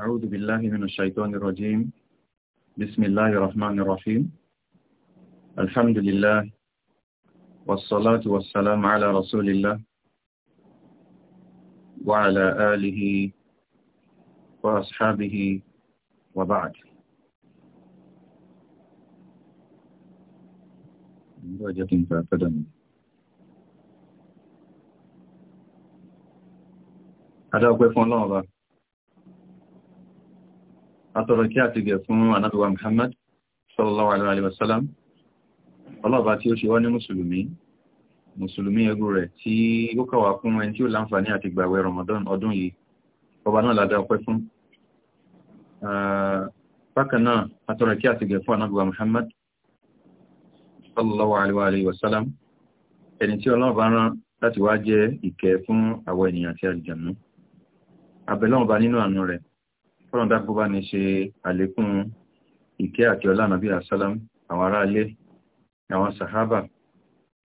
أعوذ بالله من الشيطان الرجيم بسم الله الرحمن الرحيم الحمد لله والصلاة والسلام على رسول الله وعلى آله وأصحابه وبعد درجة فأقدم هذا أقول الله àtọ̀rọ̀ kí a ti gẹ̀ fún anábíwa Muhammad sallallahu alaihi wasallam ọlọ́ọ̀bá tí ó ṣe wá ní mùsùlùmí mùsùlùmí ẹgbù rẹ̀ tí ó kọwà fún ẹni tí ó láǹfààní àti gbàwẹ̀ Ramadan ọdún yìí ọba náà ládá ọpẹ́ fún bákan náà àtọ̀rọ̀ kí a ti gẹ̀ fún anábíwa Muhammad sallallahu alaihi wasallam ẹni tí ọlọ́ọ̀bá fọ́nà dákú bá ní ṣe àlékún ìkẹ́ àti ọlá nàbí àsálám àwọn aráalé àwọn sàhábà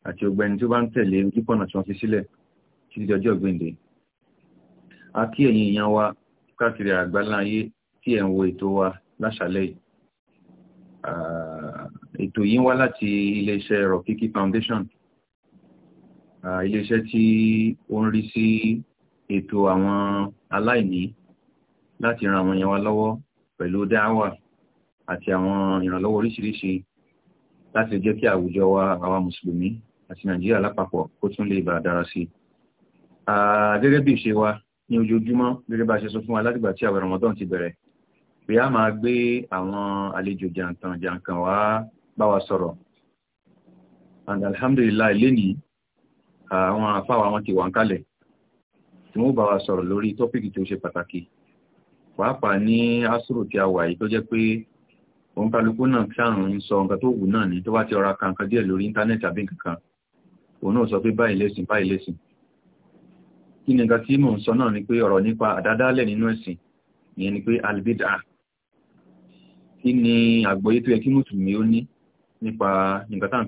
àti ọgbẹni tí ó bá ń tẹ̀lé ojúpọ̀nà tí wọ́n fi sílẹ̀ títí dọjọ́ gbèǹde wa káàkiri àgbáńlá ayé tí ẹ̀ ń wo ètò Foundation iléeṣẹ́ tí ó ń rí sí ètò àwọn aláìní láti ran àwọn èèyàn wa lọ́wọ́ pẹ̀lú dáwà àti àwọn ìrànlọ́wọ́ oríṣiríṣi láti jẹ́ kí àwùjọ wa àwa mùsùlùmí àti nàìjíríà lápapọ̀ kó tún lè bá dára sí gẹ́gẹ́ bí ìṣe wa ní ojoojúmọ́ gẹ́gẹ́ bá ṣe sọ fún wa látìgbà tí àwọn Ramadan ti bẹ̀rẹ̀ pé a máa gbé àwọn àlejò jàǹkàn jàǹkàn wá bá wa sọ̀rọ̀ and alhamdulillah lénìí àwọn àfáwà wọn ti wà ń kalẹ̀ tí wọ́n bá wa sọ̀rọ̀ lórí tọ́pìkì tó ṣe pàtàkì pàápàá ní asúrò tí a wà yìí tó jẹ́ pé òun kálukú náà ṣàrùn ń sọ nǹkan tó wù náà ní tó bá ti ọra kankan díẹ̀ lórí íńtánẹ́ẹ̀tì àbí kankan òun náà sọ pé báyìí lẹ́sìn báyìí lẹ́sìn kí ni nǹkan tí mò sọ náà ni pé ọ̀rọ̀ nípa àdádálẹ̀ nínú ẹ̀sìn ìyẹn ni pé alibidà? kí ni tó yẹ ó ní nípa nǹkan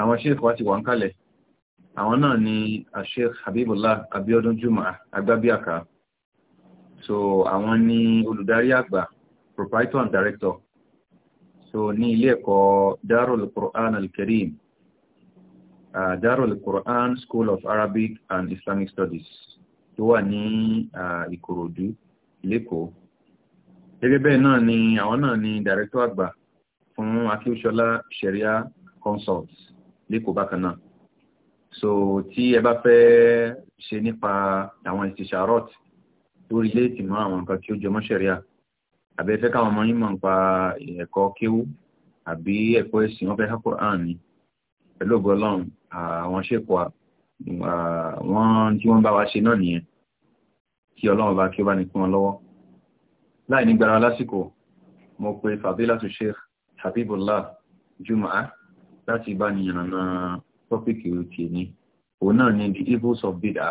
àwọn sheikh wa ti wà ń kalẹ̀ àwọn náà ni sheikh habibullah abiodun juma agbabiaka so àwọn ni olùdarí àgbà proprietor and director so ní ilé ẹ̀kọ́ darul quran al-karim uh, darul quran school of arabic and islamic studies tó wà ní ìkòròdú lẹ́kọ̀ọ́ gẹ́gẹ́ bẹ́ẹ̀ náà ni àwọn náà ni director àgbà fún akíwṣọlá sharia consults lẹ́kọ̀ọ́ bákan náà so tí ẹ bá fẹ́ ṣe nípa àwọn istisharot lórí ilé ìtìmọ̀ àwọn nǹkan kí ó jọmọ́ ṣẹ̀ríà àbí ẹ fẹ́ káwọn ọmọ yín mọ̀ nípa ẹ̀kọ́ kéwú àbí ẹ̀kọ́ ẹ̀sìn wọn fẹ́ há Quran ni pẹ̀lú ògbó àwọn ṣèkọ́ wọn tí wọ́n bá wa ṣe náà nìyẹn kí ọlọ́run bá kí ó bá ní kún wọn lọ́wọ́ láì nígbàrá lásìkò mo pe fàbílàtù Sheikh Habibullah Jumaa láti bá ní ìrànà tọ́pìkì òtì ní òun náà ni the evils of bidda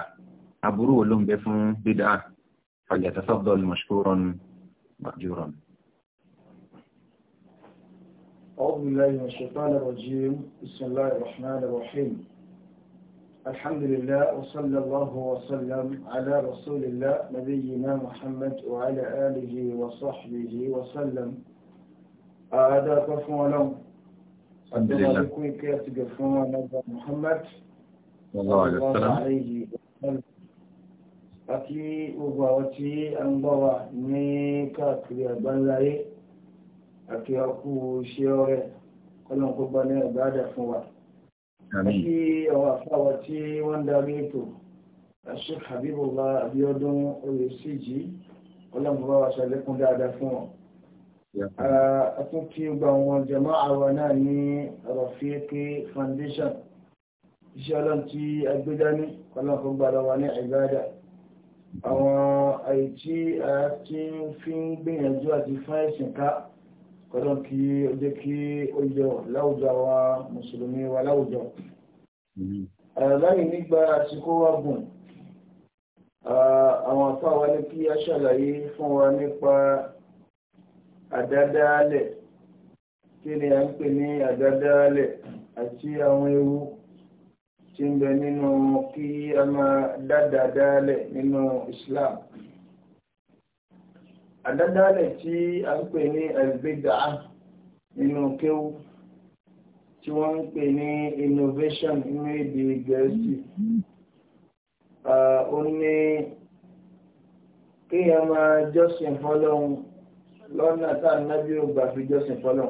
aburú wo ló ń bẹ fún bid'a falyatafaddal mashkuran majjuran. أعوذ بالله من الشيطان الرجيم بسم الله الرحمن الرحيم الحمد لله وصلى الله وسلم على رسول الله نبينا محمد وعلى آله وصحبه وسلم أعداك فوالهم Àdúrà kún ìkẹ́ àti gẹ̀ fún Anábà Muhammad. Àti gbogbo àwọn tí a ń gbọ́ wa ní káàkiri àgbáńláyé àti ọkú iṣẹ́ ọrẹ kọ́lọ̀ kó gbọ́ ní àgbáàdà fún wa. Àti àwọn àfáwà tí wọ́n darí ètò Sheikh Habibullah Abiodun Oyèsíjì ọlọ́mọba wa ṣàlékún dáadáa fún wọn ẹ̀tún kí gba wọn jẹmọ́ àwọn náà ní Rafiqi foundation iṣẹ́ ọlọ́n tí agbẹ́dá ní ọlọ́pọ̀ gbàdọ̀ wà ní ìbádà àwọn àìtí àti fi ń gbìyànjú àti fáìsìn ká ọlọ́n kí ó jẹ́ kí ó yọ láwùjọ àwọn mùsùlùmí wa láwùjọ mm-hmm. láyìn nígbà àsìkò wa gùn àwọn àfáwa ní kí a ṣàlàyé fún wa nípa àdádálẹ̀ kí ni à ń pè ní àdádálẹ̀ àti àwọn ewu tí ń bẹ nínú kí a máa dádádálẹ̀ nínú Islam àdádálẹ̀ tí a ń pè ní albida nínú kéwú tí wọ́n ń pè ní innovation inú èdè gẹ̀ẹ́sì ó ní kéèyàn máa jọ́sìn fọ́lọ́hun lọ́nà tá a nábí ó gbà fi jọ́sìn fọ́lọ̀.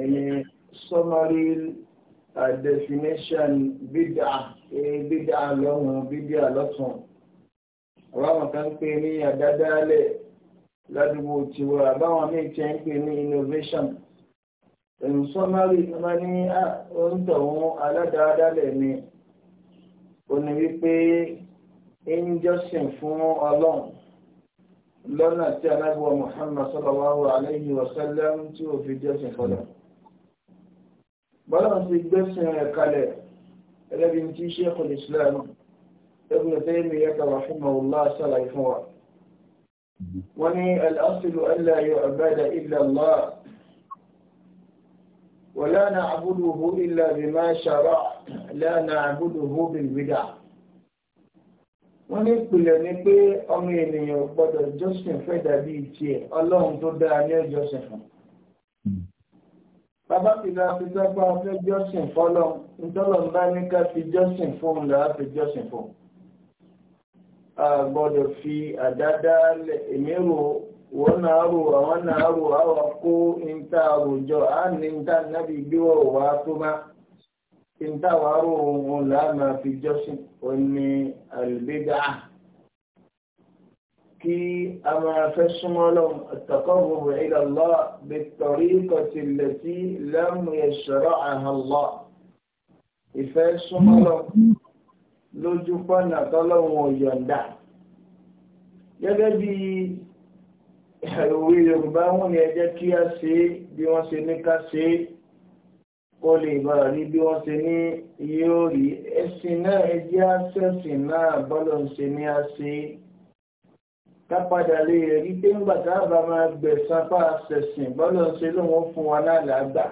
Ẹni summary definition bídà e bídà lọ́hùn bídà lọ́tún. Àwọn àwọn kan pè ní àdádálẹ̀ ládùúgbò tiwa àbáwọn míì ti ń pè ní innovation. Ẹni summary ni wọ́n ní oúntọ̀hún aládàádálẹ̀ ni. Ó ní wípé ń jọ́sìn fún Ọlọ́run. لنا هو محمد صلى الله عليه وسلم في جلس خلال بلغت الجلس قال الذي يمتي شيخ الإسلام ابن تيمية رحمه الله صلى الله عليه وني الأصل أن لا يعبد إلا الله ولا نعبده إلا بما شرع لا نعبده بالبدع wọ́n ní ìpìlẹ̀ ni pé ọmọ ènìyàn ò gbọ́dọ̀ jọ́sìn fẹ́ dàbí tiẹ̀ ọlọ́run tó dára ní ọjọ́sìn fún. Hmm. bàbá fìlà fi sábà fẹ́ jọ́sìn fọ́lọ́ ntọ́lọ́n bá ní ká fi jọ́sìn fún un làá fi jọ́sìn fún un. a gbọ́dọ̀ fi àdáda lẹ̀ èmi rò wọ́n náà rò àwọn náà rò àwọn kó àròjọ àá ìntàwà rọrùn wọn láàmà fi jọ́sìn wọn ní àlùbídà kí a máa fẹ́ súnmọ́ lọ́wọ́ at-taqarrub ila Allah bit-tariqati allati lam yashra'aha Allah ìfẹ́ súnmọ́ lọ́wọ́ lójú pọ́nà tọ́lọ́wọ́ yọ̀ǹda gẹ́gẹ́ bí ìwé Yorùbá wọn ni ẹ jẹ́ kí a ṣe bí wọ́n ṣe ní ká ṣe é kó lè bàrà rí bí wọ́n ṣe ní iye ó rí ẹ̀sìn náà ẹjẹ́ àṣẹ̀sìn náà bọ́lọ̀ ń ṣe ní àṣẹ ká padà lè rí pé ńgbà tá a bá máa gbẹ̀sán fún àṣẹ̀sìn bọ́lọ̀ ń ṣe lóun fún wa náà làgbà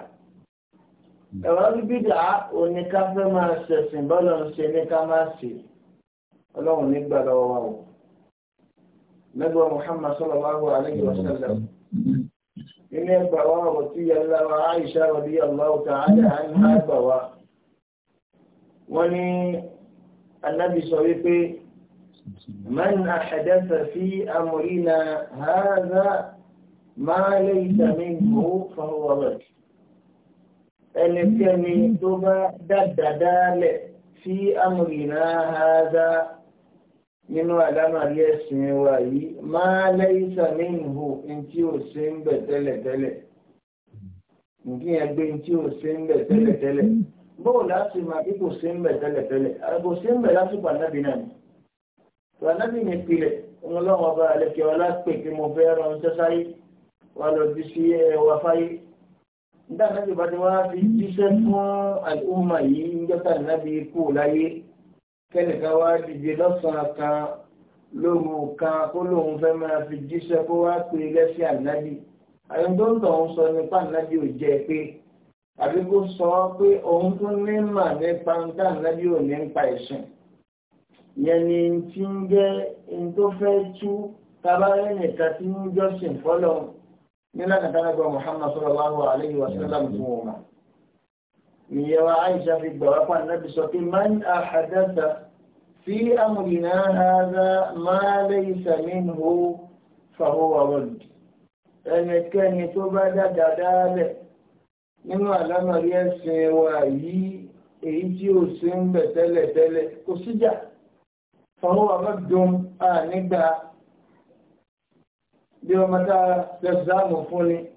hmm. ẹ̀rọ bíbídà òní ká fẹ́ máa ṣẹ̀sìn bọ́lọ̀ ń ṣe ní ká máa ṣe ọlọ́run nígbà lọ́wọ́ wa o. Nabi Muhammad sallallahu alayhi wa sallam. Hmm nínú ẹgbà wa ọ̀rọ̀ tí yàrá wa Aisha radiyallahu ta'ala anha gbà wa. wọ́n ní anábì sọ wípé man ahdatha fi amrina hadha ma laysa minhu fahuwa rad. ẹnikẹ́ni tó bá dáadáa lẹ̀ fi amrina hadha nínú àdámàrí ẹ̀sìn wa yìí máa lẹ́yìn sàmìnìhù ntí ò ṣe ń bẹ̀ tẹ́lẹ̀tẹ́lẹ̀ nǹkan yẹn gbé ntí ò ṣe ń bẹ̀ tẹ́lẹ̀tẹ́lẹ̀ bóò láti máa bí kò ṣe ń bẹ̀ tẹ́lẹ̀tẹ́lẹ̀ kò ṣe ń bẹ̀ lásìkò ànábì náà ni ànábì ní ìpìlẹ̀ ọmọlọ́wọ́ ọba àlẹ́kẹ́ ọlá pè kí mo fẹ́ rán ṣẹ́ sáyé wà lọ bí sí ẹwà fáyé nígbà náà ti ti jíṣẹ́ fún àlùmọ̀ kẹ́nìkan wá dìde lọ́sàn-án kan lóhun kan kó lóhun fẹ́ máa fi jíṣẹ́ kó wá pé lẹ́sìn ànábì àwọn tó ń tọ̀ ń sọ nípa ànábì ò jẹ́ pé àbí kó sọ pé òun tún ní mà nípa nípa ànábì ò ní pa ẹ̀sìn yẹn ni tí ń jẹ́ ní tó fẹ́ tú tabarẹ́ nìkan tí ń jọ́sìn fọ́lọ́ nílànà tánágbà Muhammad sallallahu alayhi wa sallam fún wọn. هي عائشة في الدواب النبي صلى الله من أحدث في أمرنا هذا ما ليس منه فهو رد أن كان يتوب دادال إما لما ريس وعي إيجي وسن بتل تل وسجع فهو رد آنبا آه، يوم تزام فولي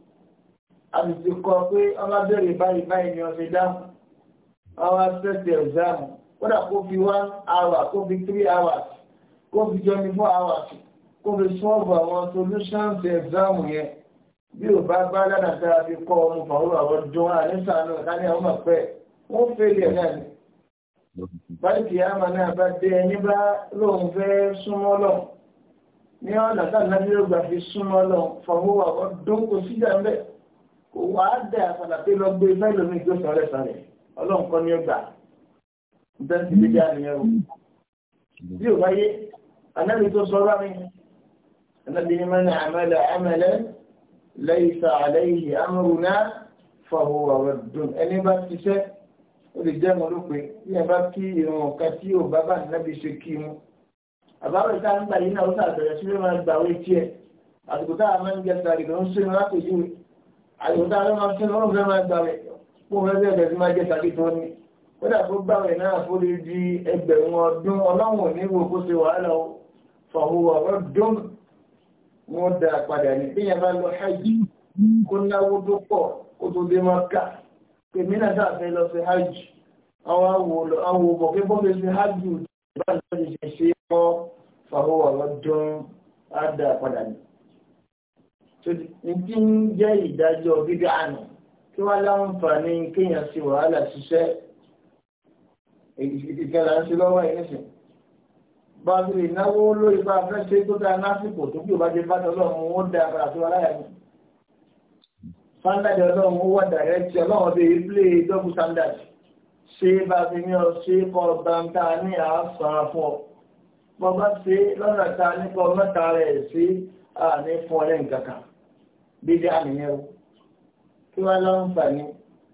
àti kọ pé ọlábẹ̀rẹ̀ báyìí báyìí ni ọ̀sẹ̀ dáhùn àwọn aspect exam kódà kó fi one hour kó fi three hours kó fi twenty four hours kó fi solve àwọn solutions exam yẹn bí o bá bá ládàtà fi kọ́ ọmọ fàwọn àwọn dùn án ní sànù láti àwọn ọ̀pẹ wọ́n fẹ́lẹ̀ náà ni. báyìí àmà náà bá dé ẹni bá lóun fẹ́ súnmọ́ lọ ní ọ̀nà táwọn náà yóò gbà fi súnmọ́ lọ fàwọn àwọn dùn kò síjà ń bẹ́ẹ̀ kò wá dẹ àpàdà pé lọ gbé bẹ́ẹ̀ lómi ìjọ sọ̀rọ̀ sọ̀rọ̀ ọlọ́run kọ́ ni ó gbà níta ti fi dáa nìyẹn o bí ò bá yé anábì tó sọ bá mi anábì ní mẹ́rin àmẹ́lẹ̀ àmẹ́lẹ̀ lẹ́yìn sọ àlẹ́yìn amúrú náà fọwọ́ ọ̀rọ̀ dùn ẹni bá ṣiṣẹ́ ó lè jẹ́ ọmọ olóòpè bí ẹ bá kí irun ọ̀ka tí ò bá bá nínábi ṣe kí mu àbáwẹ̀ tá ń gbà yín náà ó sàbẹ̀rẹ̀ sílẹ̀ máa gbà wé tiẹ̀ àsìkò tá à máa ń jẹ sàrì ń ṣe ní látòjú rẹ̀ àyùntà ló máa fi lọ́rùn fẹ́ máa gbà rẹ̀ kó fẹ́ bẹ́ẹ̀ bẹ́ẹ̀ sí máa jẹ́ tàbí tó ní kódà tó gbà rẹ̀ náà fó lè di ẹgbẹ̀rún ọdún ọlọ́run ní wo kó ṣe wàhálà o fọ̀hùwà ọ̀rọ̀ dùn wọn dà padà ní bí yẹn bá lọ hajj kó náwó tó pọ̀ kó tó dé máa kà èmi náà sáà fẹ́ lọ sí hajj àwọn àwò bọ̀ pé bọ́ fẹ́ sí hajj ìbáraẹni ṣe ṣe é mọ́ fọ̀hùwà ọ̀rọ̀ dùn á dà padà ní tí ń jẹ́ ìdájọ́ bíbí àná kí wọ́n láǹfààní kéèyàn sí wàhálà ṣiṣẹ́ ìkẹlà ń ṣe lọ́wọ́ yìí nísìn bá a ti lè náwó lórí bá a fẹ́ ṣe tó dáa lásìkò tó bí o bá ti bá tọ́ lọ́run ó da padà sí wàhálà yẹn sándàdì ọlọ́run ó wà dàrẹ́tì ọlọ́run bíi ilé dọ́gbù sándàdì ṣé bá a ti ní ọ ṣé kọ́ ọba ń ta ní àásán fún ọ bọ́ bá ṣe lọ́nà ta nípa ọmọ ta rẹ̀ sí àní fún ọ lẹ́yìn kankan bídí àníyàn o kí wọ́n láǹfààní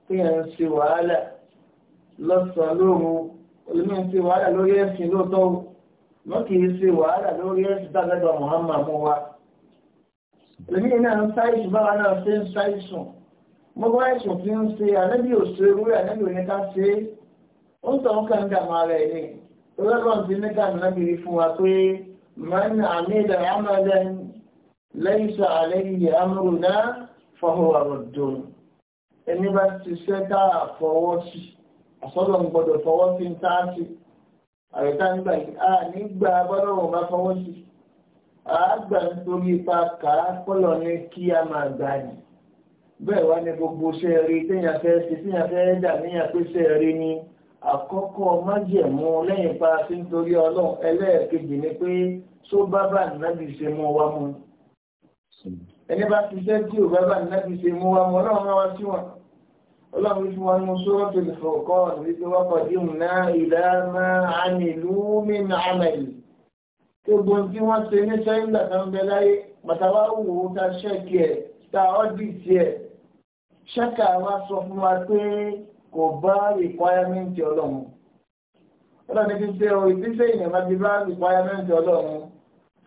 kí yẹn ń ṣe wàhálà lọ́sàn-án lóru olómi ń ṣe wàhálà lórí ẹ̀sìn lóòótọ́ o wọ́n kì í ṣe wàhálà lórí ẹ̀sìn tàbẹ́gbà Muhammad mú wa olómi náà ń ṣàìsùn báwa náà ṣe ń ṣàìsùn mo bá ẹ̀sùn fi ń ṣe ànábì òṣèrú ànábì oníká ṣe é ó ń tọ́ ń kàn dàmú ara ẹ̀ ní olóòtú ọ̀sìn nígbà ànábì fún wa pé màá ní àmì ìdàrámọ́lẹ́ni lẹ́yìnṣà àlẹ́yìn amúrúná fọwọ́rọ̀dùn ẹni bá ti ṣẹ́ tá a fọwọ́ sí àsọ́dọ̀ ń gbọ́dọ̀ fọwọ́ sí ń tá a sí àrẹ̀tá nígbà yìí a nígbà gbọ́dọ̀ wọ́n bá fọwọ́ sí a gbà nítorí ipa kàá kọ́lọ̀ ní kí a máa gbà ní bẹ́ẹ̀ wá ní gbogbo ṣẹ́ẹ̀rí téèyàn fẹ́ ṣe téèyàn fẹ́ dà níyàn pé ṣẹ́ẹ̀rí ni àkọ́kọ́ májẹ̀mú lẹ́yìn pa sí nítorí ọlọ́run ẹlẹ́ẹ̀kejì ni pé só bá bá nàbì ṣe mọ́ wa mú un ẹni bá ti jẹ́ tí ò bá bá nínú láti ṣe mú wa mọ́ ọlọ́run náà wá sí wọn ọlọ́run fún wa mú suratul Furqan wípé wọ́n pàdé òun náà ila ma amilu min amali gbogbo tí wọ́n ṣe ní sẹ́yìnlá kan bẹ láyé pàtàwá wò ó ta ṣẹ́ẹ̀kì ẹ̀ ta ọ́dìtì ẹ̀ ṣẹ́ẹ̀kà wa sọ fún wa pé kò bá rìkwáyámẹ́ǹtì ọlọ́run ọlọ́run ti ṣe o ìdíṣẹ́ ìyẹn máa ti bá rìkwáyámẹ́ǹtì ọlọ́run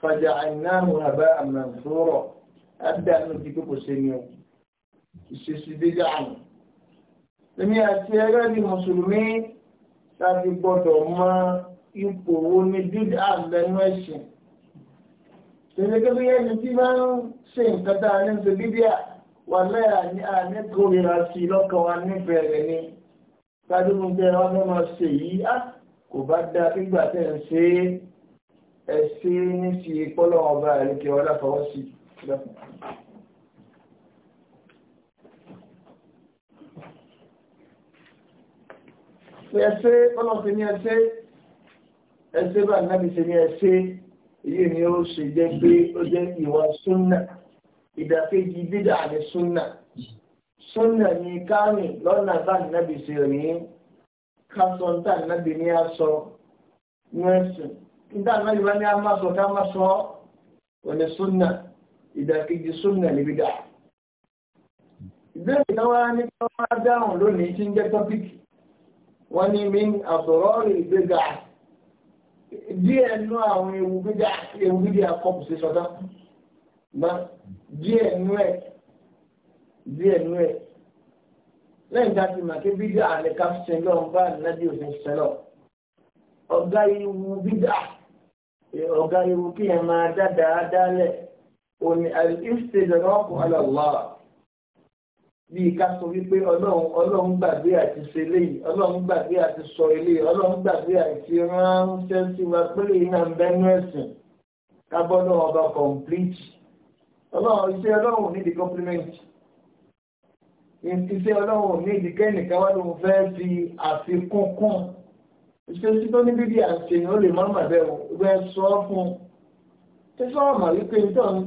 fàjà àìnáhùn àdá nínú ti kókò ṣe ni o ìṣesí dídá àná. èmi àti ẹgbẹ́ di mùsùlùmí láti gbọ́dọ̀ mọ ipò wo ni dídá lẹ́nu ẹ̀sìn. Tẹ̀lékẹ́bí ẹni tí máa ń ṣe nǹkan tá a ní ṣe bíbíà wà lẹ́yà ní àní kórìíra sí i lọ́kàn wa nífẹ̀ẹ́ ni. Tádúró jẹ́ wá fẹ́ máa ṣe yìí á kò bá dáa nígbà tẹ̀ ń ṣe é. Ẹ ṣe é ní ti pọ́lọ́wọ́n ọba àríkè ọlá ẹsẹ ọlọpẹ ní ẹsẹ ẹsẹ bá nàbì ṣe ní ẹsẹ èyí ni ó ṣe jẹ pé ó jẹ ìwà súnà ìdàkejì bídà ní súnà súnà ní káàmì lọ́nà bá nàbì ṣe rí kásọ̀ntà nàbì ní aṣọ ní ẹsẹ nígbà náà ìwà ní a máa sọ ká máa sọ ọ òní súnà ìdàkejì súnmọ̀ ní bídà ìbéèrè kan wá ní kí wọ́n máa dáhùn lónìí tí ń jẹ́ tọ́pìkì wọ́n ní mi àsọ̀rọ̀ rè gbéga díẹ̀ nú àwọn ewu gbéga ewu gbéga kọ́pù sí sọ́dá gbá díẹ̀ nú ẹ̀ díẹ̀ nú ẹ̀ lẹ́yìn tá a ti mà kí bídà àlẹ́ ká ṣe lọ́wọ́ bá ànájú òfin ṣẹlọ̀ ọ̀gá ewu bídà ọ̀gá ewu kí ẹ máa dá dáadáa lẹ̀ òní al-istidrak ala Allah bíi ká sọ wípé ọlọ́run ọlọ́run gbàgbé àti ṣe léyìí ọlọ́run gbàgbé àti sọ eléyìí ọlọ́run gbàgbé àti ránṣẹ́ sí wa pélé iná ń bẹ́nu ẹ̀sìn kábọ́dọ̀ ọba complete ọlọ́run iṣẹ́ ọlọ́run ní the compliment iṣẹ́ ọlọ́run ní ìdíkẹ́ nìkan wá lóun fẹ́ fi àfikún kún iṣẹ́ sí tó ní bíbí àṣeyàn ó lè má mà o ó fẹ́ sọ fún un. tí sọ́ọ̀mà wípé nítorí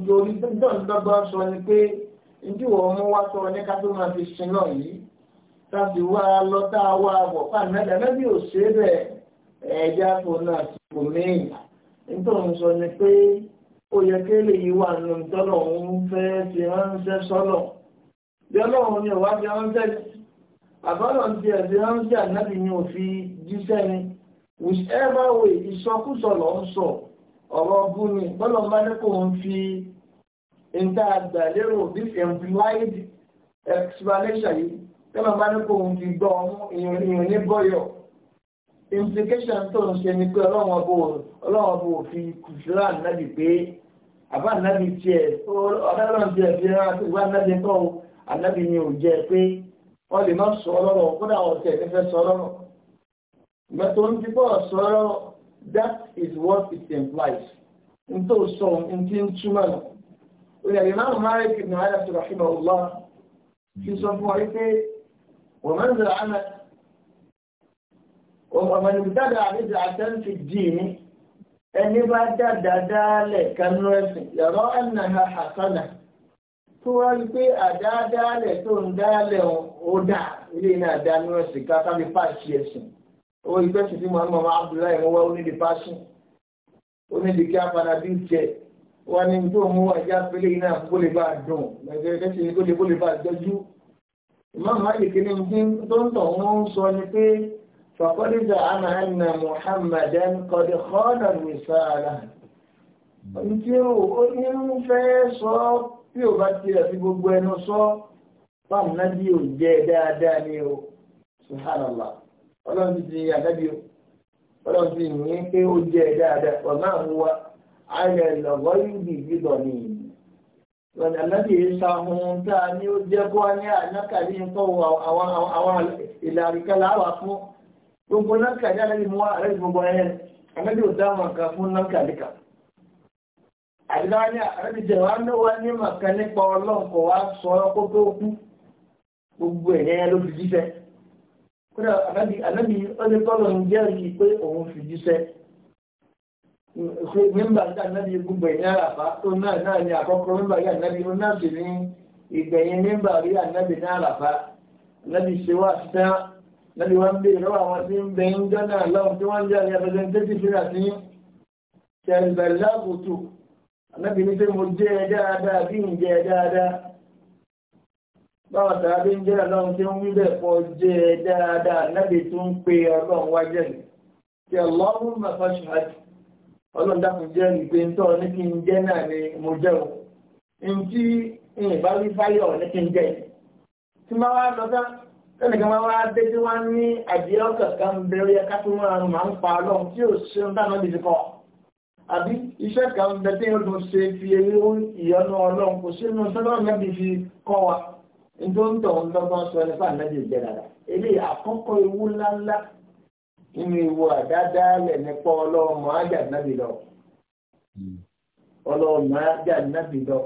sọ ni pé ndí wọ́n wá sọ ní kátó máa fi sin náà yìí tàbí wá lọ tá a wá bọ̀ pàmẹ́lẹ̀ lẹ́bí ò ṣe é ẹ̀ẹ́dá ti kò mẹ́yìn sọ ni pé ó yẹ kí eléyìí wà nù fẹ́ ránṣẹ́ sọ́lọ̀ bí ọlọ́run ni òwá fi ránṣẹ́ ránṣẹ́ ànábì ni ọ̀rọ̀ bú ni bọ́lọ̀ bá ní kò ń fi níta àgbà lérò this implied explanation yìí ní kò ń fi gbọ́ ọmú ìrìn ní bọ́yọ̀ implication tó ń ṣe ni pé ọlọ́wọ́n bò fi kùsùlá nàbì pé àbá nàbì tiẹ̀ tiẹ̀ fi ìwà nàbì tó ànàbì ni ò That is what it implies. N tó sọ n tí ń túmọ̀ nù. Olùyàrá Imam Malik ibn Anas rahimahullah ti sọ fún wa wípé wọ́n máa ń zara àná. Ọmọ ní dáadáa àbí àtẹ́ǹ fi dìní. Ẹni bá dáadáa dáálẹ̀ kanú ẹ̀sìn. Yàrá ẹ̀nà ha hasana. Tó wá rí pé àdáadáalẹ̀ tó ń dáálẹ̀ ó dà ilé náà dánú ẹ̀sìn káfá bí pàṣẹ ẹ̀sìn owó ìgbẹ́ ṣùgbọ́n mọ́ àwọn ọmọ abdullahi wọ́n wá onídìí passion onídìí kí abana bí jẹ wọn ni tó mú ẹja pélé iná bólè bá dùn ẹgbẹ́ ẹgbẹ́ ṣe bólè bólè bá jọjú ìmáàmù àyèké ní ní tó ń tọ̀ wọ́n sọ ni pé fàkọ́díjà àmà ẹ̀nà muhammadan kọ́dí kọ́nà nìsáàlà ntí ó ní ń fẹ́ sọ bí ò bá tiẹ̀ fi gbogbo ẹnu sọ fáwọn náà bí ò jẹ́ dáadáa ni ó subhanallah ọlọ́run ti di àdábì o ọlọ́run ti yìn pé ó jẹ́ ẹ dáadáa ọ̀nà àmúwa ayẹ lọ́gọ́ yìí gbígbọ́ ni lọ́nà ànábì ìṣà ohun tá a ní ó jẹ́ kó a ní ànákàlí nǹkan àwọn ìlàríkà láwà fún gbogbo nákàlí ànábì mú ààrẹ gbogbo ẹ̀ ànábì ò dáhùn kan fún nákàlí kan àdìgbà ní àrẹ́bí jẹ́ wá ní wá ní màkà nípa ọlọ́run kò sọ ọ́ kó tó kú gbogbo ẹ̀yẹ́ ló fi jíṣẹ́ kódà ànábì ànábì ọdẹ tọ́lọ̀ ń jẹ́rìí pé òun fìdíṣẹ́ mímbà ní ànábì gbogbo ẹ̀yìn àràfá tó náà náà ní àkọ́kọ́ mímbà rí ànábì ó náà sì ní ìgbẹ̀yìn mímbà rí ànábì ní àràfá ànábì ṣe wá síta ànábì wọn bí ìrọ́wọ́ àwọn tí ń bẹ ń jọ́ náà lọ́wọ́ tí wọ́n ń jẹ́ àyàfẹ́sẹ̀ ń tẹ́tí fúnra sí ṣẹ̀rìbẹ̀láàbùtù ànábì ní pé mo jẹ́ dáadáa bí ń jẹ́ dáadáa báwọn sàbí ń jẹ́ ọlọ́run tí ń wí bẹ́ẹ̀ jẹ́ dáadáa tó pe ọlọ́run wá tí ọlọ́run ọlọ́run dákun ń tọ́ ní kí n jẹ́ ni mo o ntí ìbá wí fáyọ̀ ní kí n jẹ́ tí máa wá lọ sá ẹnìkan máa wá dé tí wọ́n ní àdìẹ ọkàn bẹ̀rẹ̀ yẹ máa ń pa ọlọ́run tí ò fi ìyọnu ọlọ́run kò sínú sọ́dọ̀ ntòǹtò ńlọ́gbọ́n sọ nípa ànájì jẹ dada eléyìí àkọ́kọ́ ewu ńláńlá nínú ewu àdádálẹ̀ nípa ọlọ́ọ̀mọ ájà nábì lọ ọlọ́ọ̀mọ ájà nábì lọ